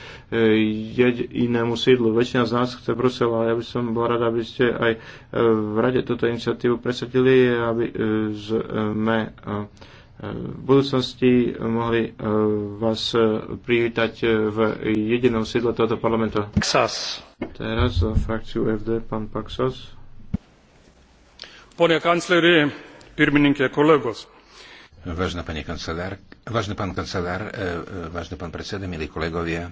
jedinému sídlu. Väčšina z nás chce Brusel a ja by som bol rada, aby ste aj uh, v rade túto iniciatívu presadili, aby uh, sme uh, v budúcnosti mohli eh, vás eh, privítať eh, v jedinom sídle tohoto parlamentu. Paxos. Teraz za frakciu FD pán Paxos. Pane kancleri, pirmininke, kolegos. Vážna pani kancelár, vážny pán kancelár, vážny pán predseda, milí kolegovia.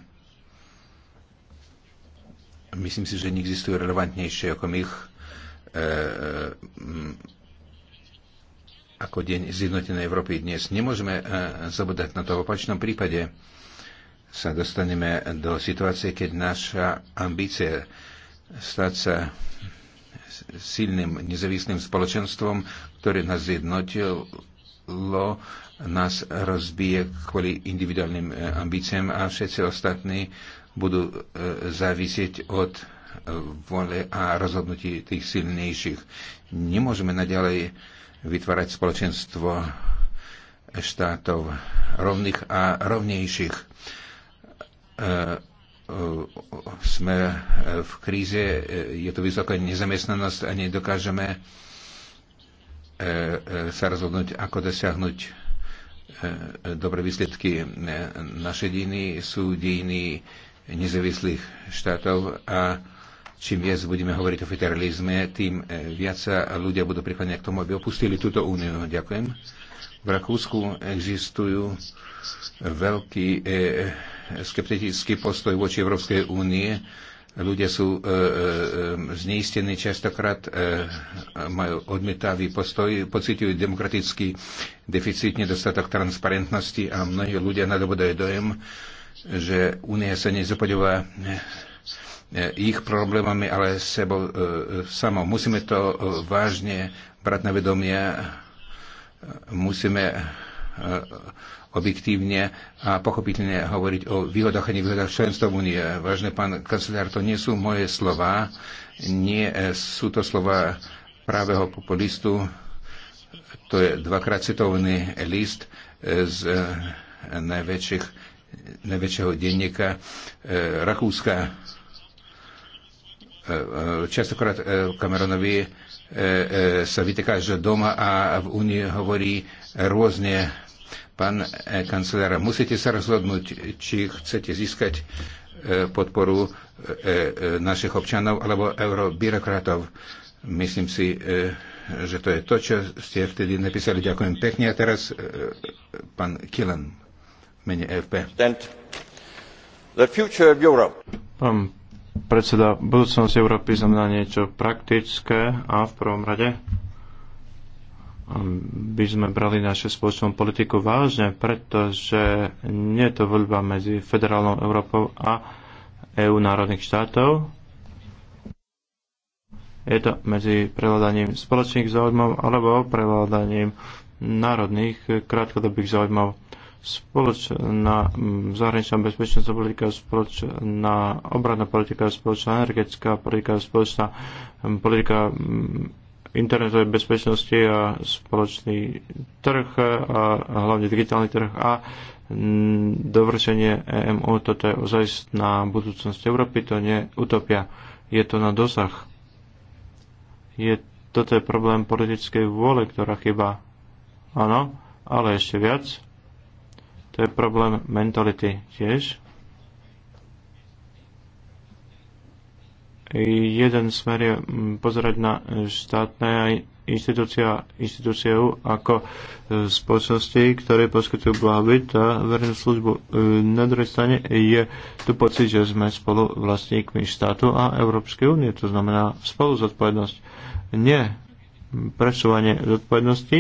Myslím si, že neexistujú relevantnejšie ako ich ako Deň zjednotenej Európy dnes. Nemôžeme e, zabúdať na to. V opačnom prípade sa dostaneme do situácie, keď naša ambícia stať sa silným nezávislým spoločenstvom, ktoré nás zjednotilo, nás rozbije kvôli individuálnym e, ambíciám a všetci ostatní budú e, závisieť od vole a rozhodnutí tých silnejších. Nemôžeme naďalej vytvárať spoločenstvo štátov rovných a rovnejších. E, e, sme v kríze, e, je tu vysoká nezamestnanosť a nedokážeme sa rozhodnúť, ako dosiahnuť dobré výsledky. Naše dejiny sú dejiny nezávislých štátov a Čím viac budeme hovoriť o federalizme, tým e, viac sa ľudia budú prikladňať k tomu, aby opustili túto úniu. Ďakujem. V Rakúsku existujú veľký e, skeptický postoj voči Európskej únie. Ľudia sú e, e, e zneistení častokrát, e, majú odmietavý postoj, pocitujú demokratický deficit, nedostatok transparentnosti a mnohí ľudia nadobodajú dojem, že únia sa nezapodobá E, ich problémami, ale sebou e, e, samo. Musíme to vážne brať na vedomie, musíme objektívne a pochopiteľne hovoriť o výhodách a nevýhodách členstva Unii. Vážne pán kancelár, to nie sú moje slova, nie sú to slova pravého populistu, to je dvakrát citovaný list z najväčších, najväčšieho denníka Rakúska E, e, častokrát e, Cameronovi sa vyteká, že doma a v Únii hovorí rôzne. Pán kancelár, musíte sa rozhodnúť, či chcete získať podporu našich občanov alebo eurobyrokratov. Myslím si, že to je to, čo ste vtedy napísali. Ďakujem pekne. A teraz pán Kilan v mene FP. Pán predseda, budúcnosť Európy znamená niečo praktické a v prvom rade um, by sme brali našu spoločnú politiku vážne, pretože nie je to voľba medzi federálnou Európou a EÚ národných štátov. Je to medzi prevládaním spoločných záujmov alebo prevládaním národných krátkodobých záujmov spoločná mm, zahraničná bezpečnostná politika, spoločná obranná politika, spoločná energetická politika, spoločná mm, politika mm, internetovej bezpečnosti a spoločný trh a hlavne digitálny trh a dovršenie EMU, toto je ozaj na budúcnosť Európy, to nie utopia. Je to na dosah. Je, toto je problém politickej vôle, ktorá chyba. Áno, ale ešte viac to je problém mentality tiež. Jeden smer je mm, pozerať na štátne inštitúcia, inštitúcie ako e, spoločnosti, ktoré poskytujú blahobyt a verejnú službu. E, na druhej strane je tu pocit, že sme spolu vlastníkmi štátu a Európskej únie, to znamená spolu zodpovednosť. Nie presúvanie zodpovednosti,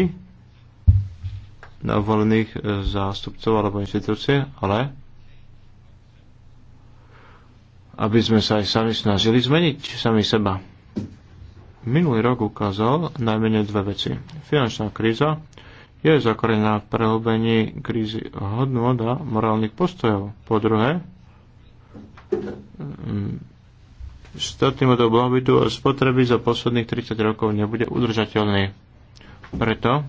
volených e, zástupcov alebo inštitúcie, ale aby sme sa aj sami snažili zmeniť sami seba. Minulý rok ukázal najmenej dve veci. Finančná kríza je zakorená v prehlbení krízy hodnot a morálnych postojov. Po druhé, mm, štátny model blahobytu a spotreby za posledných 30 rokov nebude udržateľný. Preto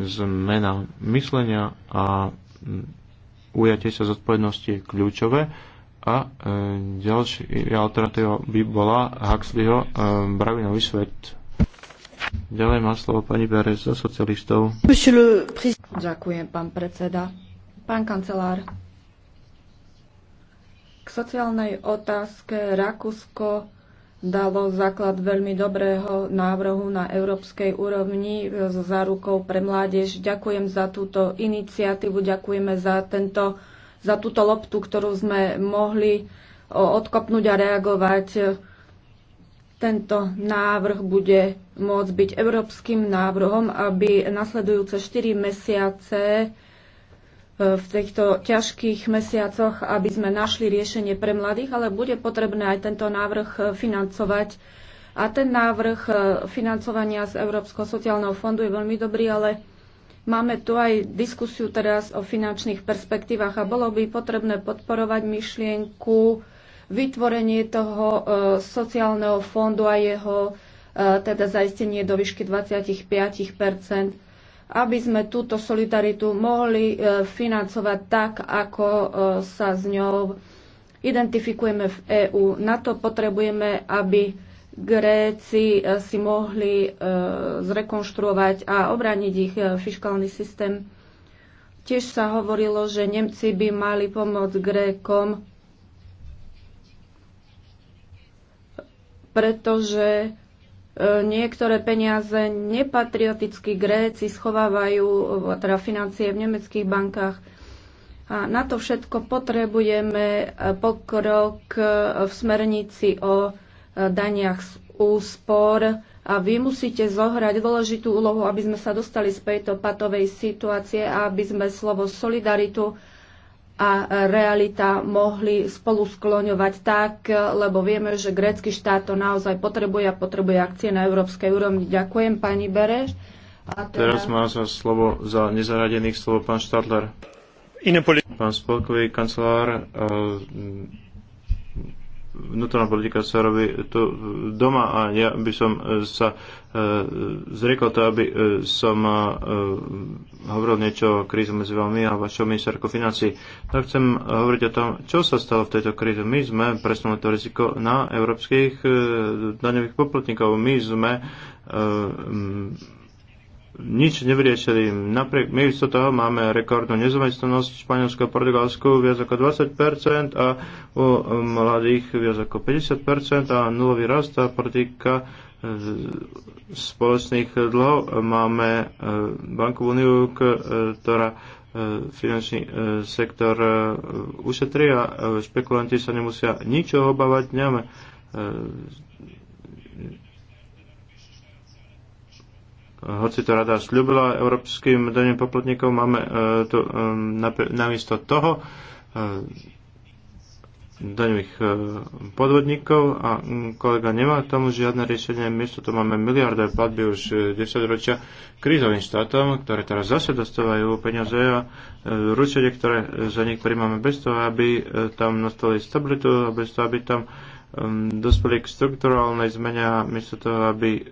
zmena myslenia a ujatie sa zodpovednosti je kľúčové a e, ďalšia alternatíva by bola Huxleyho e, Bravinový svet. Ďalej má slovo pani Berez za socialistov. Ďakujem, pán predseda. Pán kancelár, k sociálnej otázke Rakúsko dalo základ veľmi dobrého návrhu na európskej úrovni e, s zárukou pre mládež. Ďakujem za túto iniciatívu, ďakujeme za, tento, za túto loptu, ktorú sme mohli e, odkopnúť a reagovať. E, tento návrh bude môcť byť európskym návrhom, aby nasledujúce 4 mesiace v týchto ťažkých mesiacoch, aby sme našli riešenie pre mladých, ale bude potrebné aj tento návrh e, financovať. A ten návrh e, financovania z Európskeho sociálneho fondu je veľmi dobrý, ale máme tu aj diskusiu teraz o finančných perspektívach a bolo by potrebné podporovať myšlienku vytvorenie toho e, sociálneho fondu a jeho teda zaistenie do výšky 25 aby sme túto solidaritu mohli e, financovať tak, ako e, sa s ňou identifikujeme v EÚ. Na to potrebujeme, aby Gréci e, si mohli zrekonštruovať a obrániť ich fiskálny systém. Tiež sa hovorilo, že Nemci by mali pomôcť Grékom, pretože E, niektoré peniaze nepatrioticky Gréci schovávajú, e, teda financie v nemeckých bankách. A na to všetko potrebujeme e, pokrok v smernici o daniach z úspor a vy musíte zohrať dôležitú úlohu, aby sme sa dostali z tejto patovej situácie a aby sme slovo solidaritu a realita mohli spolu skloňovať tak, lebo vieme, že grécky štát to naozaj potrebuje a potrebuje akcie na európskej úrovni. Ďakujem, pani Bereš. A teraz... teraz má sa slovo za nezaradených slovo pán Štadler. Pán spolkový kancelár, eh, vnútorná politika sa robí tu doma a ja by som e, sa e, zriekol to, aby e, som hovoril niečo o kríze medzi vami a vašou ministerkou financí. Tak no, chcem hovoriť o tom, čo sa stalo v tejto kríze. My sme presunuli to riziko na európskych daňových poplatníkov. My sme nič nevyriešili. Napriek my z toho máme rekordnú nezamestnanosť v Španielsku a Portugalsku viac ako 20% a u mladých viac ako 50% a nulový rast a politika e, spoločných dlhov. Máme e, bankovú uniu, e, ktorá finančný sektor ušetrí a špekulanti sa nemusia ničoho obávať. Nemáme hoci to rada sľubila európskym daným poplatníkom, máme e, to e, namiesto toho e, daňových podvodníkov a kolega nemá k tomu žiadne riešenie. Miesto to máme miliardové platby už 10 ročia krízovým štátom, ktoré teraz zase dostávajú peniaze a ručenie, ktoré za nich máme bez toho, aby tam nastali stabilitu a bez toho, aby tam dospeli k strukturálnej zmene a miesto toho, aby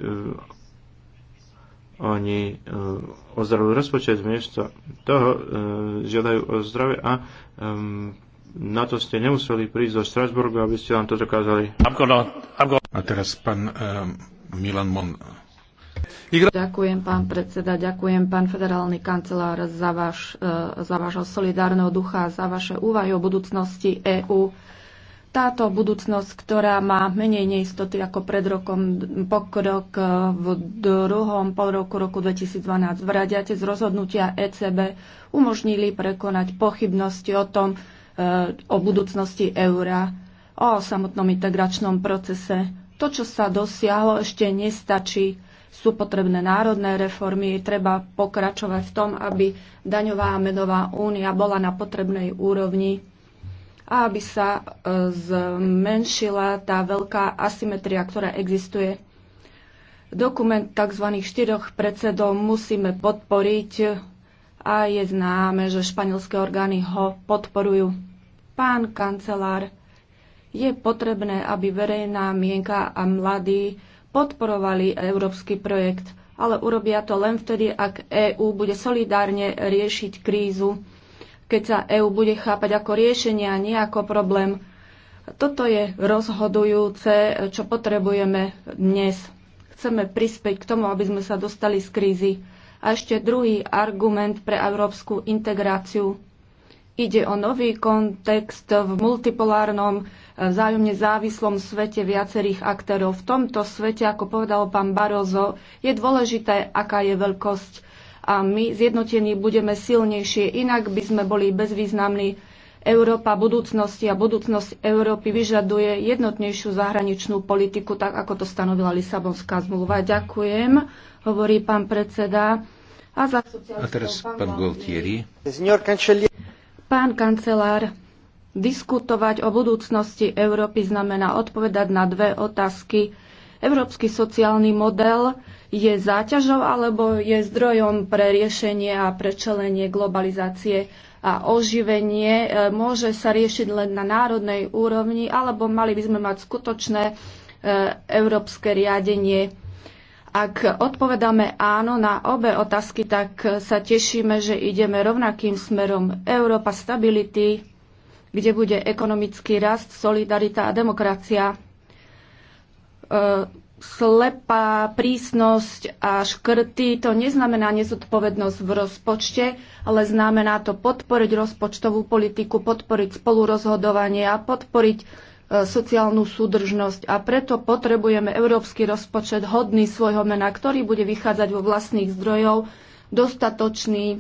oni e, ozdravujú rozpočet, miesto toho e, žiadajú o zdravie a na to ste nemuseli prísť do Strasburgu, aby ste vám to dokázali. A teraz pán e, Milan Mon. Ďakujem, pán predseda, ďakujem, pán federálny kancelár, za, váš, za vášho solidárneho ducha, za vaše úvahy o budúcnosti EÚ táto budúcnosť, ktorá má menej neistoty ako pred rokom pokrok v druhom pol roku roku 2012 vradiate z rozhodnutia ECB umožnili prekonať pochybnosti o tom, e, o budúcnosti eura, o samotnom integračnom procese. To, čo sa dosiahlo, ešte nestačí. Sú potrebné národné reformy, treba pokračovať v tom, aby daňová a menová únia bola na potrebnej úrovni a aby sa e, zmenšila tá veľká asymetria, ktorá existuje. Dokument tzv. štyroch predsedov musíme podporiť a je známe, že španielské orgány ho podporujú. Pán kancelár, je potrebné, aby verejná mienka a mladí podporovali európsky projekt, ale urobia to len vtedy, ak EÚ bude solidárne riešiť krízu keď sa EÚ bude chápať ako riešenie a nie ako problém. Toto je rozhodujúce, čo potrebujeme dnes. Chceme prispieť k tomu, aby sme sa dostali z krízy. A ešte druhý argument pre európsku integráciu. Ide o nový kontext v multipolárnom, eh, vzájomne závislom svete viacerých aktérov. V tomto svete, ako povedal pán Barozo, je dôležité, aká je veľkosť a my zjednotení budeme silnejšie. Inak by sme boli bezvýznamní. Európa budúcnosti a budúcnosť Európy vyžaduje jednotnejšiu zahraničnú politiku, tak ako to stanovila Lisabonská zmluva. Ďakujem, hovorí pán predseda. A, za a teraz pán, pán Gualtieri. Pán kancelár, diskutovať o budúcnosti Európy znamená odpovedať na dve otázky. Európsky sociálny model je záťažou alebo je zdrojom pre riešenie a prečelenie globalizácie a oživenie e, môže sa riešiť len na národnej úrovni, alebo mali by sme mať skutočné e, európske riadenie. Ak odpovedáme áno na obe otázky, tak sa tešíme, že ideme rovnakým smerom Európa stability, kde bude ekonomický rast, solidarita a demokracia. E, slepá prísnosť a škrty to neznamená nezodpovednosť v rozpočte, ale znamená to podporiť rozpočtovú politiku, podporiť spolurozhodovanie a podporiť e, sociálnu súdržnosť a preto potrebujeme európsky rozpočet hodný svojho mena, ktorý bude vychádzať vo vlastných zdrojov, dostatočný e,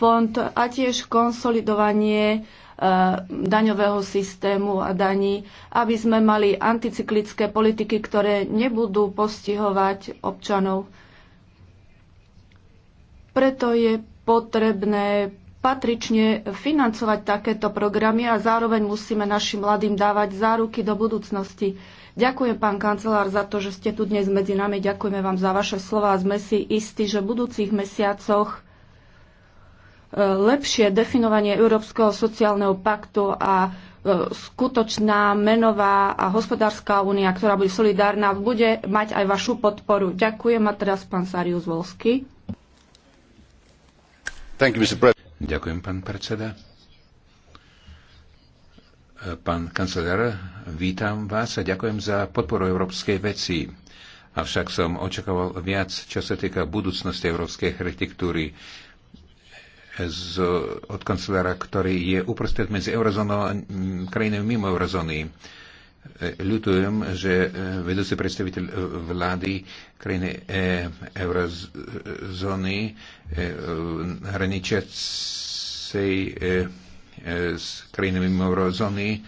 fond a tiež konsolidovanie E, daňového systému a daní, aby sme mali anticyklické politiky, ktoré nebudú postihovať občanov. Preto je potrebné patrične financovať takéto programy a zároveň musíme našim mladým dávať záruky do budúcnosti. Ďakujem, pán kancelár, za to, že ste tu dnes medzi nami. Ďakujeme vám za vaše slova a sme si istí, že v budúcich mesiacoch lepšie definovanie Európskeho sociálneho paktu a e, skutočná menová a hospodárska únia, ktorá bude solidárna, bude mať aj vašu podporu. Ďakujem a teraz pán Sarius Volsky. Ďakujem, pán predseda. E, pán kancelár, vítam vás a ďakujem za podporu európskej veci. Avšak som očakával viac, čo sa týka budúcnosti európskej architektúry z, od kancelára, ktorý je uprostred medzi eurozónou a krajinami mimo eurozóny. E, ľutujem, že e, vedúci predstaviteľ e, vlády krajiny eurozóny hraničiacej s krajinami mimo eurozóny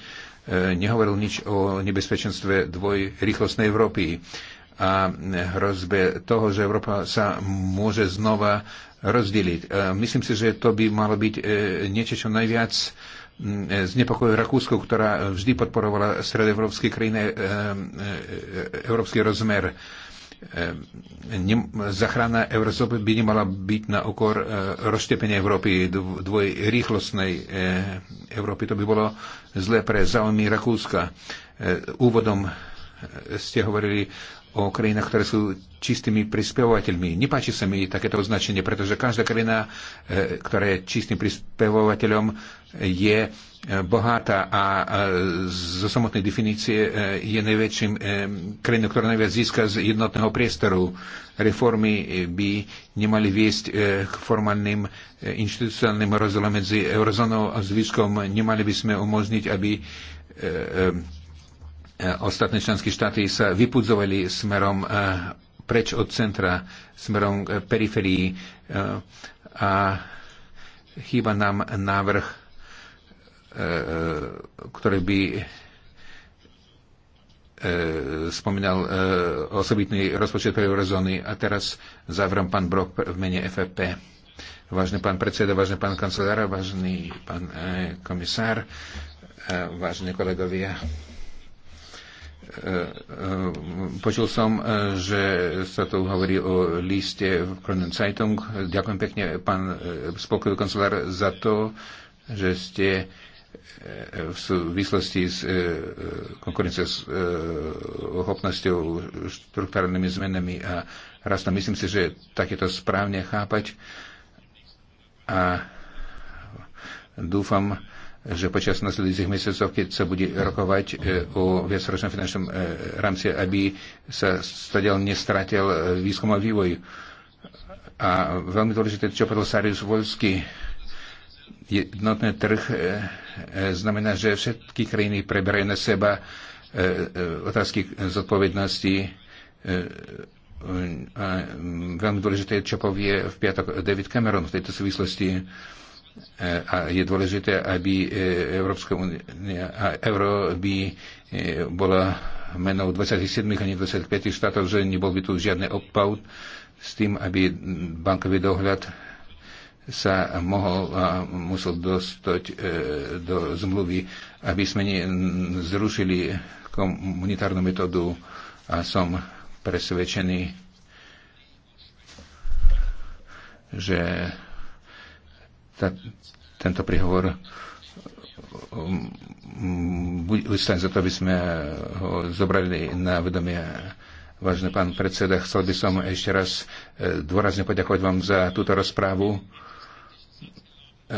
nehovoril nič o nebezpečenstve dvojrychlostnej Európy a hrozbe toho, že Európa sa môže znova rozdeliť. E, myslím si, že to by malo byť e, niečo, čo najviac mm, e, znepokojuje Rakúsko, ktorá vždy podporovala stredoevropské krajiny, európsky rozmer. Zachrana Európy by nemala byť na okor rozštepenia Európy, dvojrýchlostnej Európy. To by bolo zlé pre záujmy Rakúska. Úvodom ste hovorili o krajinách, ktoré sú čistými prispievovateľmi. Nepáči sa mi takéto označenie, pretože každá krajina, e, ktorá je čistým prispievovateľom, je e, bohatá a e, zo samotnej definície je najväčším krajinou, ktorá najviac získa z jednotného priestoru. Reformy by nemali viesť k formálnym inštitucionálnym rozdielom medzi eurozónou a zvyškom. Nemali by sme umožniť, aby E, ostatné členské štáty sa vypudzovali smerom e, preč od centra, smerom k periférii e, a chýba nám návrh, ktorý by spomínal osobitný rozpočet pre eurozóny a teraz záverom pán Brok v mene FFP. Vážny pán predseda, vážny pán kancelár, vážny pán komisár, vážne kolegovia. E, e, počul som, e, že sa tu hovorí o liste v Kronen Zeitung. Ďakujem pekne, pán spolkový kancelár, za to, že ste v súvislosti s konkurencie s ochopnosťou, štruktúrnymi zmenami a rastom. Myslím si, že takéto správne chápať a dúfam, že počas nasledujúcich mesiacov, keď sa bude rokovať e, o viacročnom finančnom e, rámci, aby sa stadiel nestratil e, výskum a vývoj. A veľmi dôležité, čo povedal Sarius Volsky, jednotný trh znamená, že všetky krajiny preberajú na seba otázky zodpovednosti. A veľmi dôležité, čo povie v piatok David Cameron v tejto súvislosti E, a je dôležité, aby e, Európska únia a euro by e, bola menou 27 a nie 25 štátov, že nebol by tu žiadny opt s tým, aby bankový dohľad sa mohol a musel dostať do zmluvy, aby sme zrušili komunitárnu metódu a som presvedčený, že tá, tento príhovor um, um, bude za to, aby sme ho zobrali na vedomie. Vážený pán predseda, chcel by som ešte raz e, dôrazne poďakovať vám za túto rozprávu. E,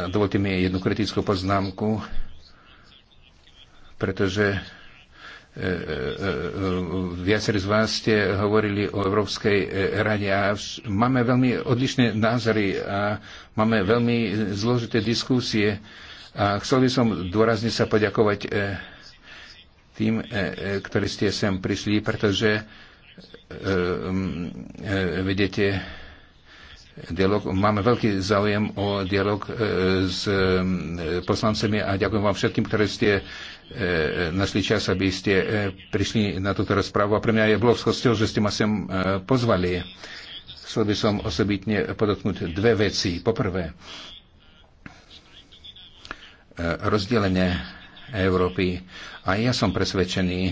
dovolte mi jednu kritickú poznámku, pretože E, e, e, viacerí z vás ste hovorili o Európskej rade a máme veľmi odlišné názory a máme veľmi zložité diskusie. A chcel by som dôrazne sa poďakovať tým, ktorí ste sem prišli, pretože vedete dialog. Máme veľký záujem o dialog s poslancami a ďakujem vám všetkým, ktorí ste E, e, našli čas, aby ste e, prišli na túto rozprávu. A pre mňa je bolo skosťou, že ste ma sem pozvali. Chcel by som osobitne podotknúť dve veci. Poprvé, rozdelenie Európy. A ja som presvedčený,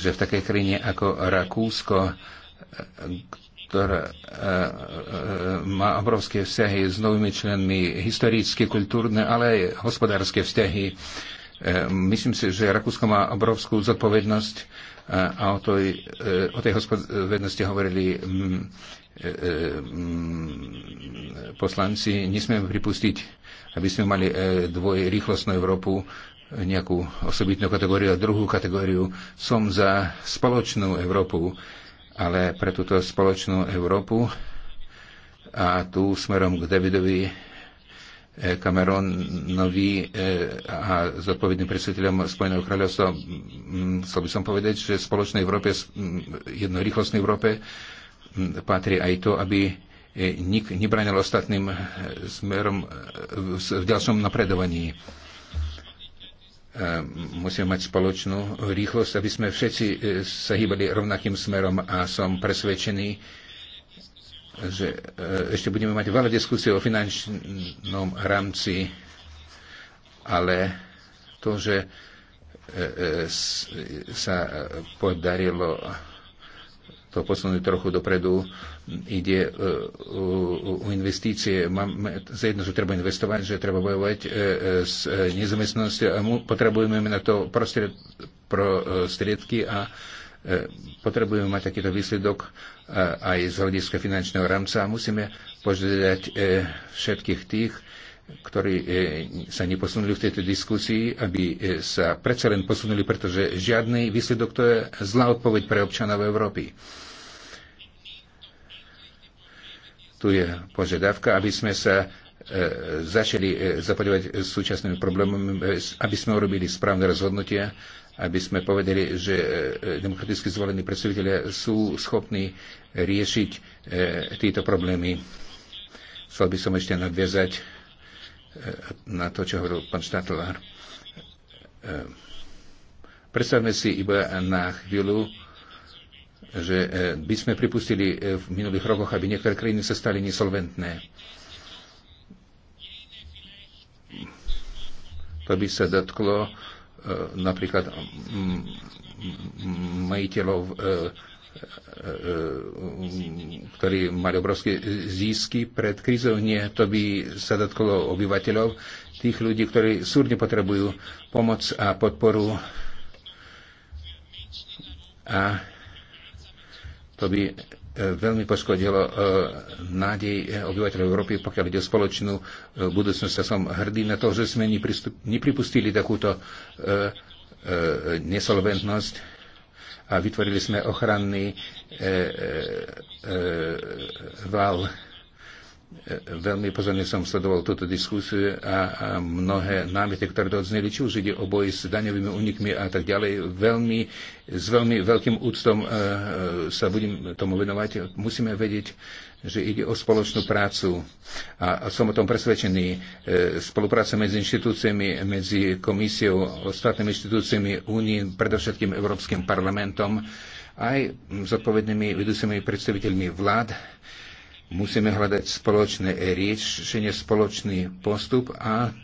že v takej krajine ako Rakúsko, ktorá má obrovské vzťahy s novými členmi, historické, kultúrne, ale aj hospodárske vzťahy, E, myslím si, že Rakúsko má obrovskú zodpovednosť e, a o tej, e, o tej hospodvednosti hovorili mm, mm, poslanci. Nesmieme pripustiť, aby sme mali dvojrýchlostnú Európu, nejakú osobitnú kategóriu a druhú kategóriu. Som za spoločnú Európu, ale pre túto spoločnú Európu a tu smerom k Davidovi E, nový e, a zodpovedným predstaviteľom Spojeného kráľovstva chcel by som povedať, že v spoločnej Európe, jednorýchlostnej Európe patrí aj to, aby e, nik nebranil ostatným smerom v ďalšom napredovaní. Musíme mať spoločnú rýchlosť, aby sme všetci sa hýbali rovnakým smerom a som presvedčený, že e, ešte budeme mať veľa diskusie o finančnom rámci, ale to, že e, e, sa podarilo to posunúť trochu dopredu, ide o investície. Máme za jedno, že treba investovať, že treba bojovať s nezamestnanosťou a potrebujeme na to prostriedky a potrebujeme mať takýto výsledok aj z hľadiska finančného rámca a musíme požiadať e, všetkých tých, ktorí e, sa neposunuli v tejto diskusii, aby e, sa predsa len posunuli, pretože žiadny výsledok to je zlá odpoveď pre občanov Európy. Tu je požiadavka, aby sme sa začali zapadovať s súčasnými problémami, aby sme urobili správne rozhodnutia aby sme povedali, že e, demokraticky zvolení predstavitelia sú schopní riešiť e, tieto problémy. Chcel by som ešte nadviazať e, na to, čo hovoril pán Štátovár. Predstavme si iba na chvíľu, že by sme pripustili v minulých rokoch, aby niektoré krajiny sa stali nesolventné. To by sa dotklo E, napríklad majiteľov, e, e, ktorí mali obrovské zisky pred krízou. Nie, to by sa dotklo obyvateľov, tých ľudí, ktorí súrne potrebujú pomoc a podporu. A to by E, veľmi poškodilo e, nádej obyvateľov Európy, pokiaľ ide o spoločnú e, budúcnosť. Ja som hrdý na to, že sme nepripustili takúto nesolventnosť a vytvorili sme ochranný e, e, e, val veľmi pozorne som sledoval túto diskusiu a, a mnohé námety, ktoré odzneli, či už ide o boji s daňovými únikmi a tak ďalej, veľmi, s veľmi veľkým úctom e, e, sa budem tomu venovať. Musíme vedieť, že ide o spoločnú prácu a, a som o tom presvedčený. E, spolupráca medzi inštitúciami, medzi komisiou, ostatnými inštitúciami únie, predovšetkým Európskym parlamentom, aj s odpovednými vedúcimi predstaviteľmi vlád, Musíme hľadať spoločné riešenie, spoločný postup a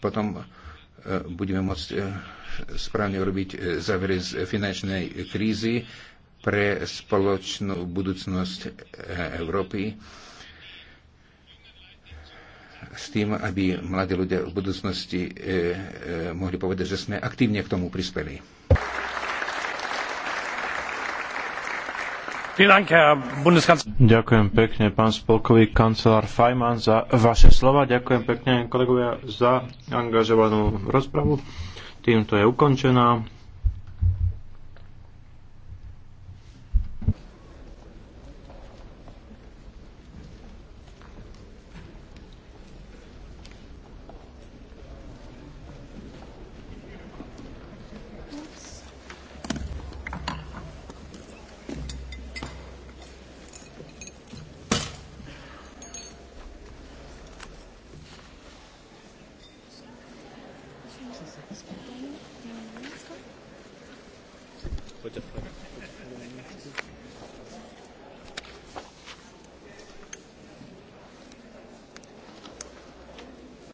potom e, budeme môcť e, správne urobiť e, záver z finančnej krízy pre spoločnú budúcnosť Európy s tým, aby mladí ľudia v budúcnosti mohli povedať, že sme aktívne k tomu prispeli. Ďakujem pekne, pán spolkový kancelár Fajman, za vaše slova. Ďakujem pekne, kolegovia, za angažovanú rozpravu. Týmto je ukončená.